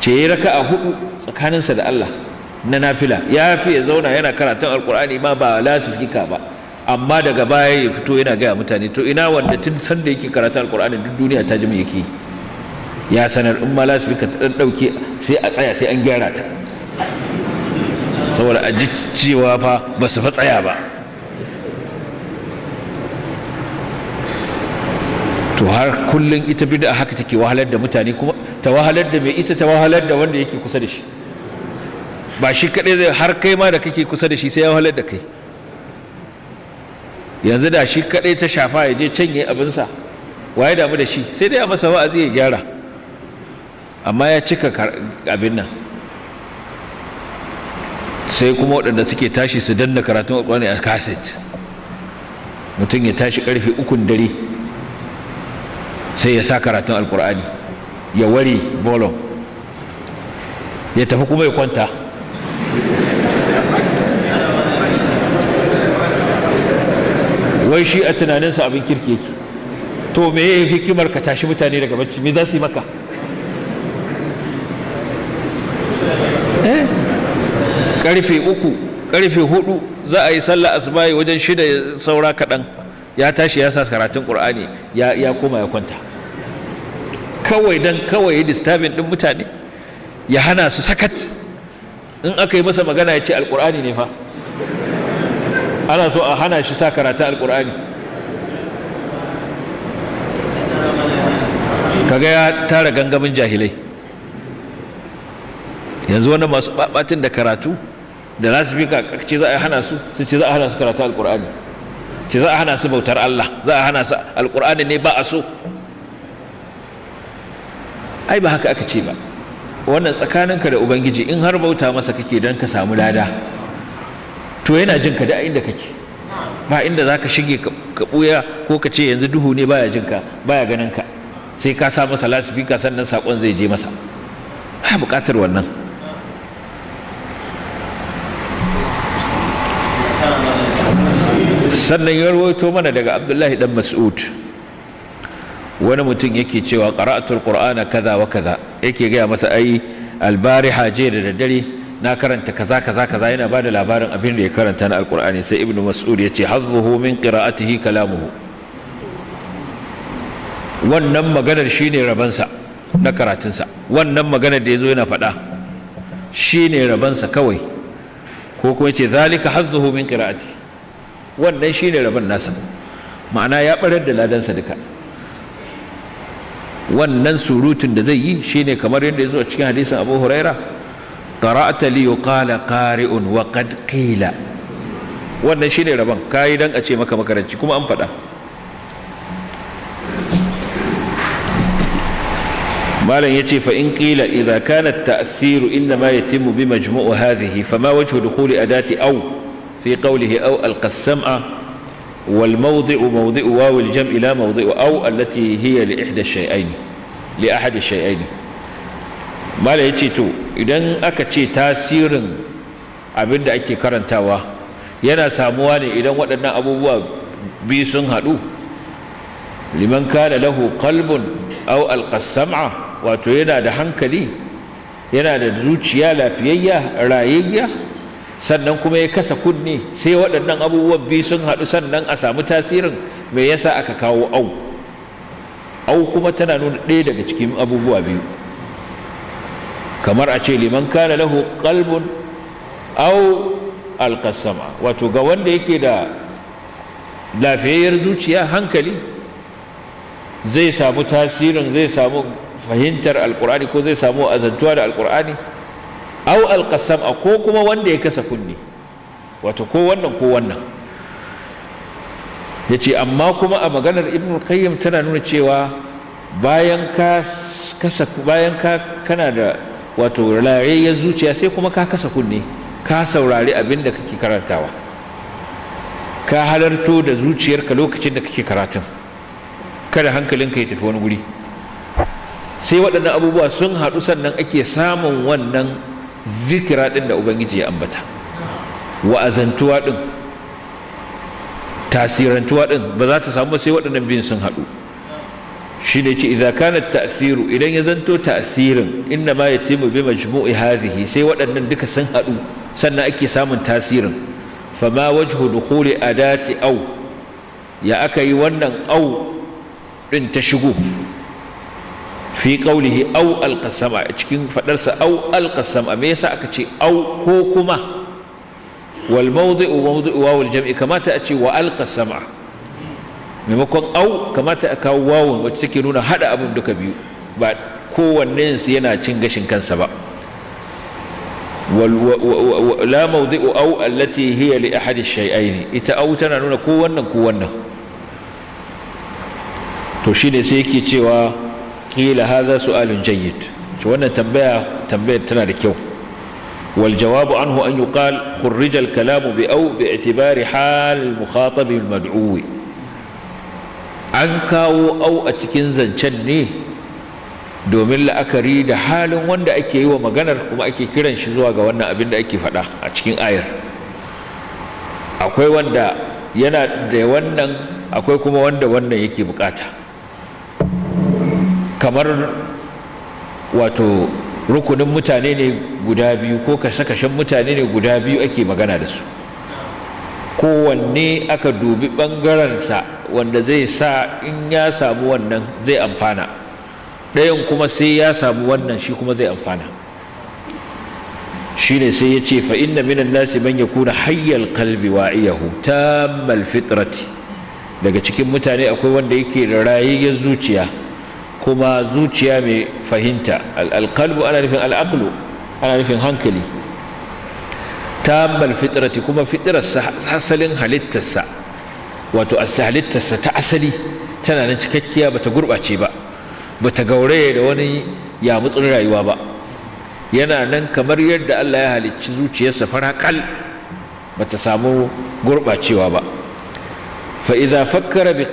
ce ya raka a hudu tsakaninsa da Allah na nafila ya fi ya zauna yana karatun alkur'ani ma ba lasifika ba amma daga baya ya fito yana gaya mutane to ina wanda tun sanda yake karatun alkur'ani duk duniya ta ji yake ya sanar in ma lasifika ta ɗauke sai a tsaya sai an gyara ta saboda a ji cewa fa ba su fa tsaya ba to har kullum ita da haka take wahalar da mutane kuma ta wahalar da mai ita ta wahalar da wanda yake kusa da shi ba shi kadai zai har kai ma da kake kusa da shi sai ya wahalar da kai yanzu da shi kadai ta shafa ya je canye abinsa waye damu da shi sai dai a masa wa'azi ya gyara amma ya cika abin nan sai kuma waɗanda suke tashi su danna karatun alƙur'ani a kaset mutum ya tashi ƙarfe ukun dare sai ya sa karatun alƙur'ani ya ware bolon ya tafi kuma ya kwanta wai shi a tunaninsa abin kirki yake to me ya hikimar ka tashi mutane daga bacci me za su yi maka karfe uku karfe hudu za a yi sallah asubahi wajen shida saura kaɗan ya tashi ya sa karatun ƙur'ani ya koma ya kwanta kawai dan kawai ya disturbing ɗin mutane ya hana su sakat in aka yi masa magana ya ce alƙur'ani ne fa ana so a hana shi sa karatun alƙur'ani kaga ya tara gangamin jahilai yanzu wani masu ɓaɓatin da karatu da za su ce za a hana su su ce za a hana su karatu alkur'ani ce za a hana su bautar Allah za a hana su alkur'ani ne ba a so ai ba haka aka ce ba wannan tsakaninka da ubangiji in har bauta masa kake don ka samu lada to yana jin ka da inda kake ba inda za ka shige ka ɓuya ko ka ce yanzu duhu ne baya jin ka baya ganin ka sai ka sa masa lasifika sannan saƙon zai je masa ba buƙatar wannan sannan ya rawaito mana daga abdullahi dan mas'ud wani mutum yake cewa qara'atul qur'ana kaza wa kaza yake gaya masa ai albariha je da daddare na karanta kaza kaza kaza yana bada labarin abin da ya karanta na alqur'ani sai ibnu mas'ud yace hazzuhu min qira'atihi kalamuhu wannan maganar shine rabansa na karatunsa wannan maganar da yazo yana faɗa shine rabansa kawai ko kuma yace zalika hazzuhu min qira'atihi wannan shine rabon nasa ma'ana ya barar da Ladan duka wannan surutun da zai yi shine kamar yadda ya zo a cikin hadisin abu huraira qara'ata li yuqala qari'un wa qad qila wannan shine rabon kai dan a ce maka makaranci kuma an faɗa malam yace fa in qila idza kana at-ta'thiru inma yatimmu bi majmu'i hadhihi fama wajhu dukhuli adati aw في قوله أو ألقى السمع والموضع موضع واو الجمع لا موضع أو التي هي لإحدى الشيئين لأحد الشيئين ما لا يتيتو إذن أكتي تاسير أبدا أكي كرن تاوا ينا سامواني إذن ودنا أبو بيسن هدو لمن كان له قلب أو ألقى السمع وتو ينا دحنك لي ينا دروتش يالا فييا رايييا sannan kuma ya kasa kunne sai waɗannan abubuwan biyu sun haɗu sannan a samu tasirin me yasa aka kawo au au kuma tana nuna ɗaya daga cikin abubuwa biyu kamar a ce liman kana lahu qalbun au alqasama wato ga wanda yake da lafiyayyar zuciya hankali zai samu tasirin zai samu fahimtar alƙurani ko zai samu azantuwa da alkur'ani au a ko kuma wanda ya kasa kunni wato ko wannan ko wannan yace amma kuma a maganar ibn qayyim tana nuna cewa bayan ka kana da wato rayayyar zuciya sai kuma ka kasa kunne ka saurari abin da kake karantawa ka halarto da zuciyarka lokacin da kake karatun kada hankalinka ya tafi wani guri sai waɗannan abubuwa sun haɗu sannan ake samun wannan zikira ɗin da ubangiji ya ambata wa'azantuwa ɗin, tasirantuwa ɗin, ba za ta samu sai waɗannan biyun sun haɗu shi ne ce idza kana ta'asiru idan ya zanto ta'sirin inna ma yatimu bi majmu'i hadhihi sai waɗannan duka sun haɗu sannan ake samun tasirin fama wajhu dukhuli adati au ya aka yi wannan au ɗin ta shigo fi qawlihi aw alqasama cikin fadarsa aw alqasama me yasa aka ce aw ko kuma wal mawdi'u mawdi'u wawul jam'i kamata a ce wa alqasama maimakon aw kamata a kawo wawun wacce take nuna hada abin duka biyu ba kowanne su yana cin gashin kansa ba la mawdi'u aw allati hiya li ahad ash-shay'ain ita aw tana nuna ko wannan ko wannan to shine sai yake cewa qila hadha su'alun jayyid to wannan tambaya tambayar tana da kyau wal jawabu anhu an yuqal khurrija al kalamu bi aw bi i'tibari hal al mukhatab al mad'u an kawo au a cikin zancen ne domin la'akari da halin wanda ake yi wa maganar kuma ake kiran shi zuwa ga wannan abin da ake faɗa a cikin ayar akwai wanda yana da wannan akwai kuma wanda wannan yake bukata kamar wato rukunin mutane ne guda biyu ko kashe-kashen mutane ne guda biyu ake magana da su kowanne aka dubi ɓangarensa wanda zai sa in ya samu wannan zai amfana ɗayan kuma sai ya samu wannan shi kuma zai amfana shi ne sai ya ce fa inna minan nasi man ya kuna hayyal kalbi wa'iyahu Ta malfitrati daga cikin mutane akwai wanda yake da rayayyar zuciya kuma zuciya mai fahimta alƙalbu ana nufin al'aqlu ana nufin hankali Ta tambal fitrati kuma fitrarsa asalin halittarsa wato halittarsa ta asali tana nan cikakkiya bata gurɓace ba bata gauraye da wani yamutsin rayuwa ba yana nan kamar yadda Allah ya halicci zuciyarsa farakal bata samu gurɓacewa ba fa idza fakkara bi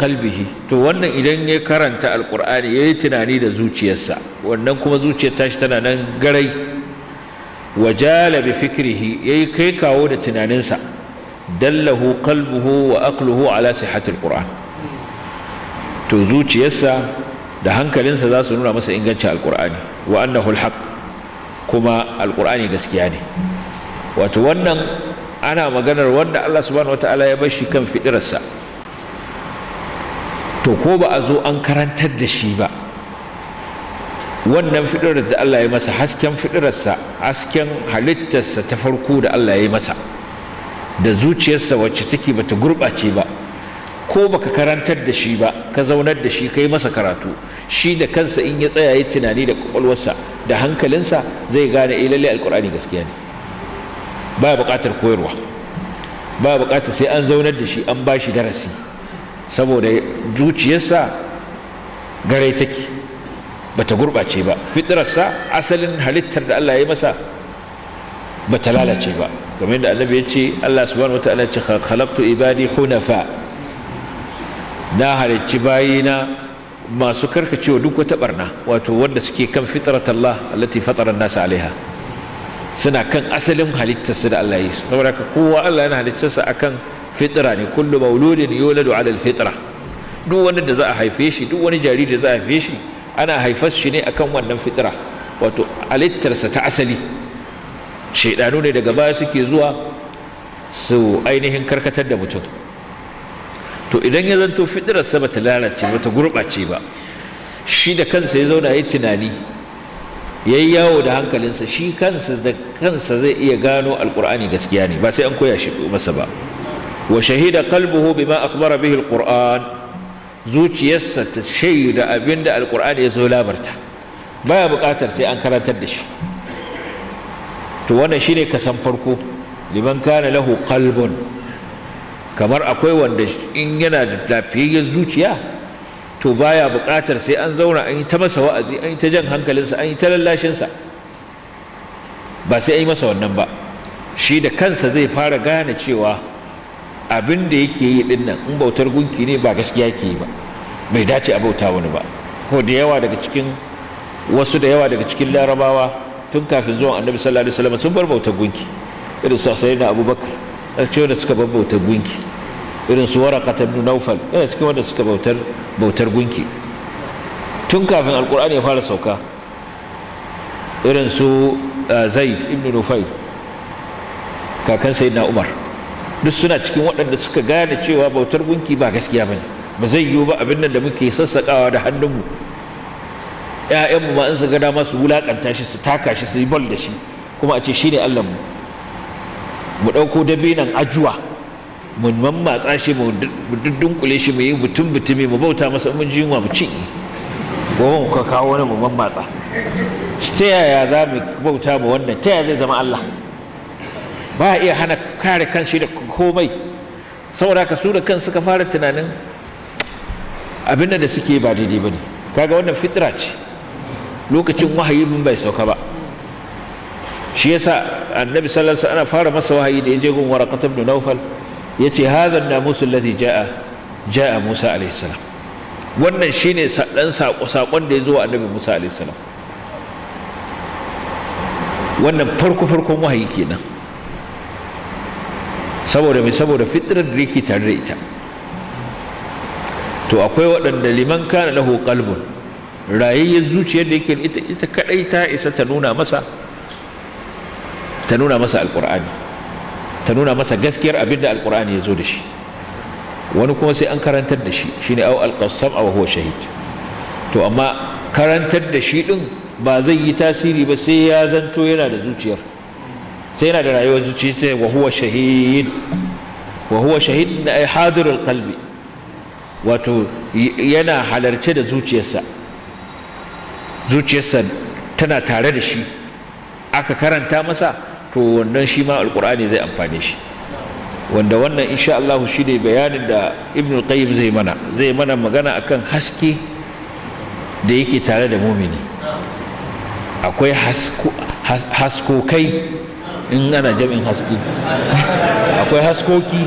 to wannan idan ya karanta alqur'ani yayi tunani da zuciyarsa wannan kuma zuciyar tashi tana nan garai wajala bi fikrihi yayi kai kawo da tunaninsa dallahu qalbuhu wa aqluhu ala sihhatil qur'an to zuciyarsa da hankalinsa za su nuna masa ingancin alqur'ani wa annahu alhaq kuma alqur'ani gaskiya ne wato wannan ana maganar wanda Allah subhanahu wataala ya bar shi kan fidirarsa to ko ba a zo an karantar da shi ba wannan fidirar da Allah ya masa hasken fidirarsa hasken halittarsa ta farko da Allah ya masa da zuciyarsa wacce take bata gurɓace ba ko baka karantar da shi ba ka zaunar da shi kai masa karatu shi da kansa in ya tsaya ya tunani da kwakwalwarsa da hankalinsa zai gane eh lalle alkur'ani gaskiya ne baya buƙatar koyarwa baya buƙatar sai an zaunar da shi an ba shi darasi saboda zuciyarsa garai take bata gurɓace ba fitrarsa asalin halittar da Allah ya masa bata lalace ba kamar yadda annabi ya ce Allah subhanahu wataala ya ce khalaqtu ibadi hunafa na halicci bayina masu karkacewa duk wata barna wato wanda suke kan fitrat Allah allati fatara an-nas alaiha suna kan asalin halittarsa da Allah yi saboda kowa Allah yana halittarsa akan fitra ne kullu mauludin yuladu ala alfitra duk wani da za a haife shi duk wani jariri da za a haife shi ana haifar shi ne akan wannan fitra wato halittarsa ta asali shaidanu ne daga baya suke zuwa su ainihin karkatar da mutum to idan ya zanto fitirarsa ba ta lalace ba ta gurɓace ba shi da kansa ya zauna ya tunani ya yi yawo da hankalinsa shi kansa da kansa zai iya gano alkur'ani gaskiya ne ba sai an koya shi masa ba wa shahida qalbuhu bima akhbara bihi alquran zuciyarsa ta shaida abinda alquran ya zo labarta baya buƙatar sai an karantar da shi to wannan shine kasan farko liman kana lahu qalbun kamar akwai wanda in yana da lafiyayyen zuciya to baya buƙatar sai an zauna an yi ta masa wa'azi an yi ta jan hankalinsa an yi ta lallashinsa ba sai an yi masa wannan ba shi da kansa zai fara gane cewa abin da yake yi din nan in bautar gunki ne ba gaskiya yake yi ba bai dace a bauta wani ba ko da yawa daga cikin wasu da yawa daga cikin larabawa tun kafin zuwan annabi sallallahu alaihi wasallam sun bar bautar gunki irin su sayyidina abubakar a ce wanda suka bar bautar gunki irin su waraka ibn naufal yana cikin wanda suka bautar bautar gunki tun kafin alkur'ani ya fara sauka irin su eh, zaid ibn nufail kakan sayyidina umar duk suna cikin waɗanda suka gane cewa bautar gunki ba gaskiya bane ba zai yiwu ba abin nan da muke sassaƙawa da hannunmu ƴaƴanmu ma in su ga dama su wulaƙanta shi su taka shi su yi bol da shi kuma a ce shi ne allahnmu mu ɗauko dabinan ajuwa mu mammatsa shi mu dudunkule shi mu yi mutum mutumi mu bauta masa mun ji yunwa mu ci goma mu ka kawo wani mu mammatsa ta yaya za mu bauta mu wannan ta yaya zai zama allah ba a iya hana kare kan shi da komai saboda ka su da kan suka fara tunanin abin da suke ba daidai ba ne kaga wannan fitra ce lokacin wahayi mun bai sauka ba shi yasa annabi sallallahu alaihi ana fara masa wahayi da yaje gun waraqat ibn nawfal yace hadha an-namus alladhi jaa jaa Musa alaihi salam wannan shine sadan sako sakon da yazo zo annabi Musa alaihi salam wannan farko farkon wahayi kenan saboda mai saboda fitrar da yake tare da ita to akwai waɗanda liman kana lahu qalbun rayayyar zuciyar da yake ita ita kadai ta isa ta nuna masa ta nuna masa alqur'ani ta nuna masa gaskiyar abinda da alqur'ani ya zo da shi wani kuma sai an karantar da shi shine au alqassam aw huwa shahid to amma karantar da shi din ba zai yi tasiri ba sai ya zanto yana da zuciyar sai yana da rayuwar zuci sai wa huwa shahid wa huwa shahid hadirul qalbi wato yana halarce da zuciyarsa zuciyarsa tana tare da shi aka karanta masa to wannan shi ma alqur'ani zai amfane shi wanda wannan insha Allah shi ne bayanin da Ibn Qayyim zai mana zai mana magana akan haske da yake tare da mumini akwai hasko haskokai in ana jami'in haske akwai haskoki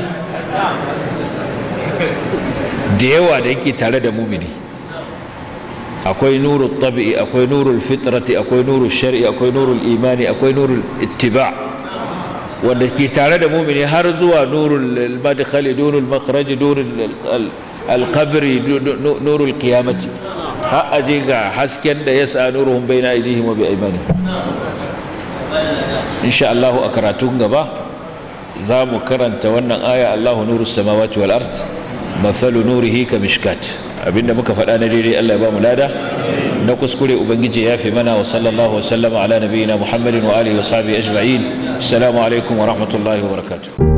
da yawa da yake tare da mumini akwai nurul tabi'i akwai nurul fitrati akwai nurul shari'i akwai nurul imani akwai nurul ittiba wanda ke tare da mumini har zuwa nurul madkhali nurul makhraji nurul alqabri nurul qiyamati har aje ga hasken da yasa nuruhum baina aydihim wa bi aymanihim insha allahu a karatun gaba za mu karanta wannan aya Allahu nuru samawati wal ard mathalu nurihi ka mishkat abinda muka faɗa na daidai Allah ya ba mu lada na kuskure ubangiji ya fi mana wa sallallahu wasallama ala nabiyina muhammadin wa alihi wa sahbihi ajma'in assalamu alaikum wa rahmatullahi wa barakatuh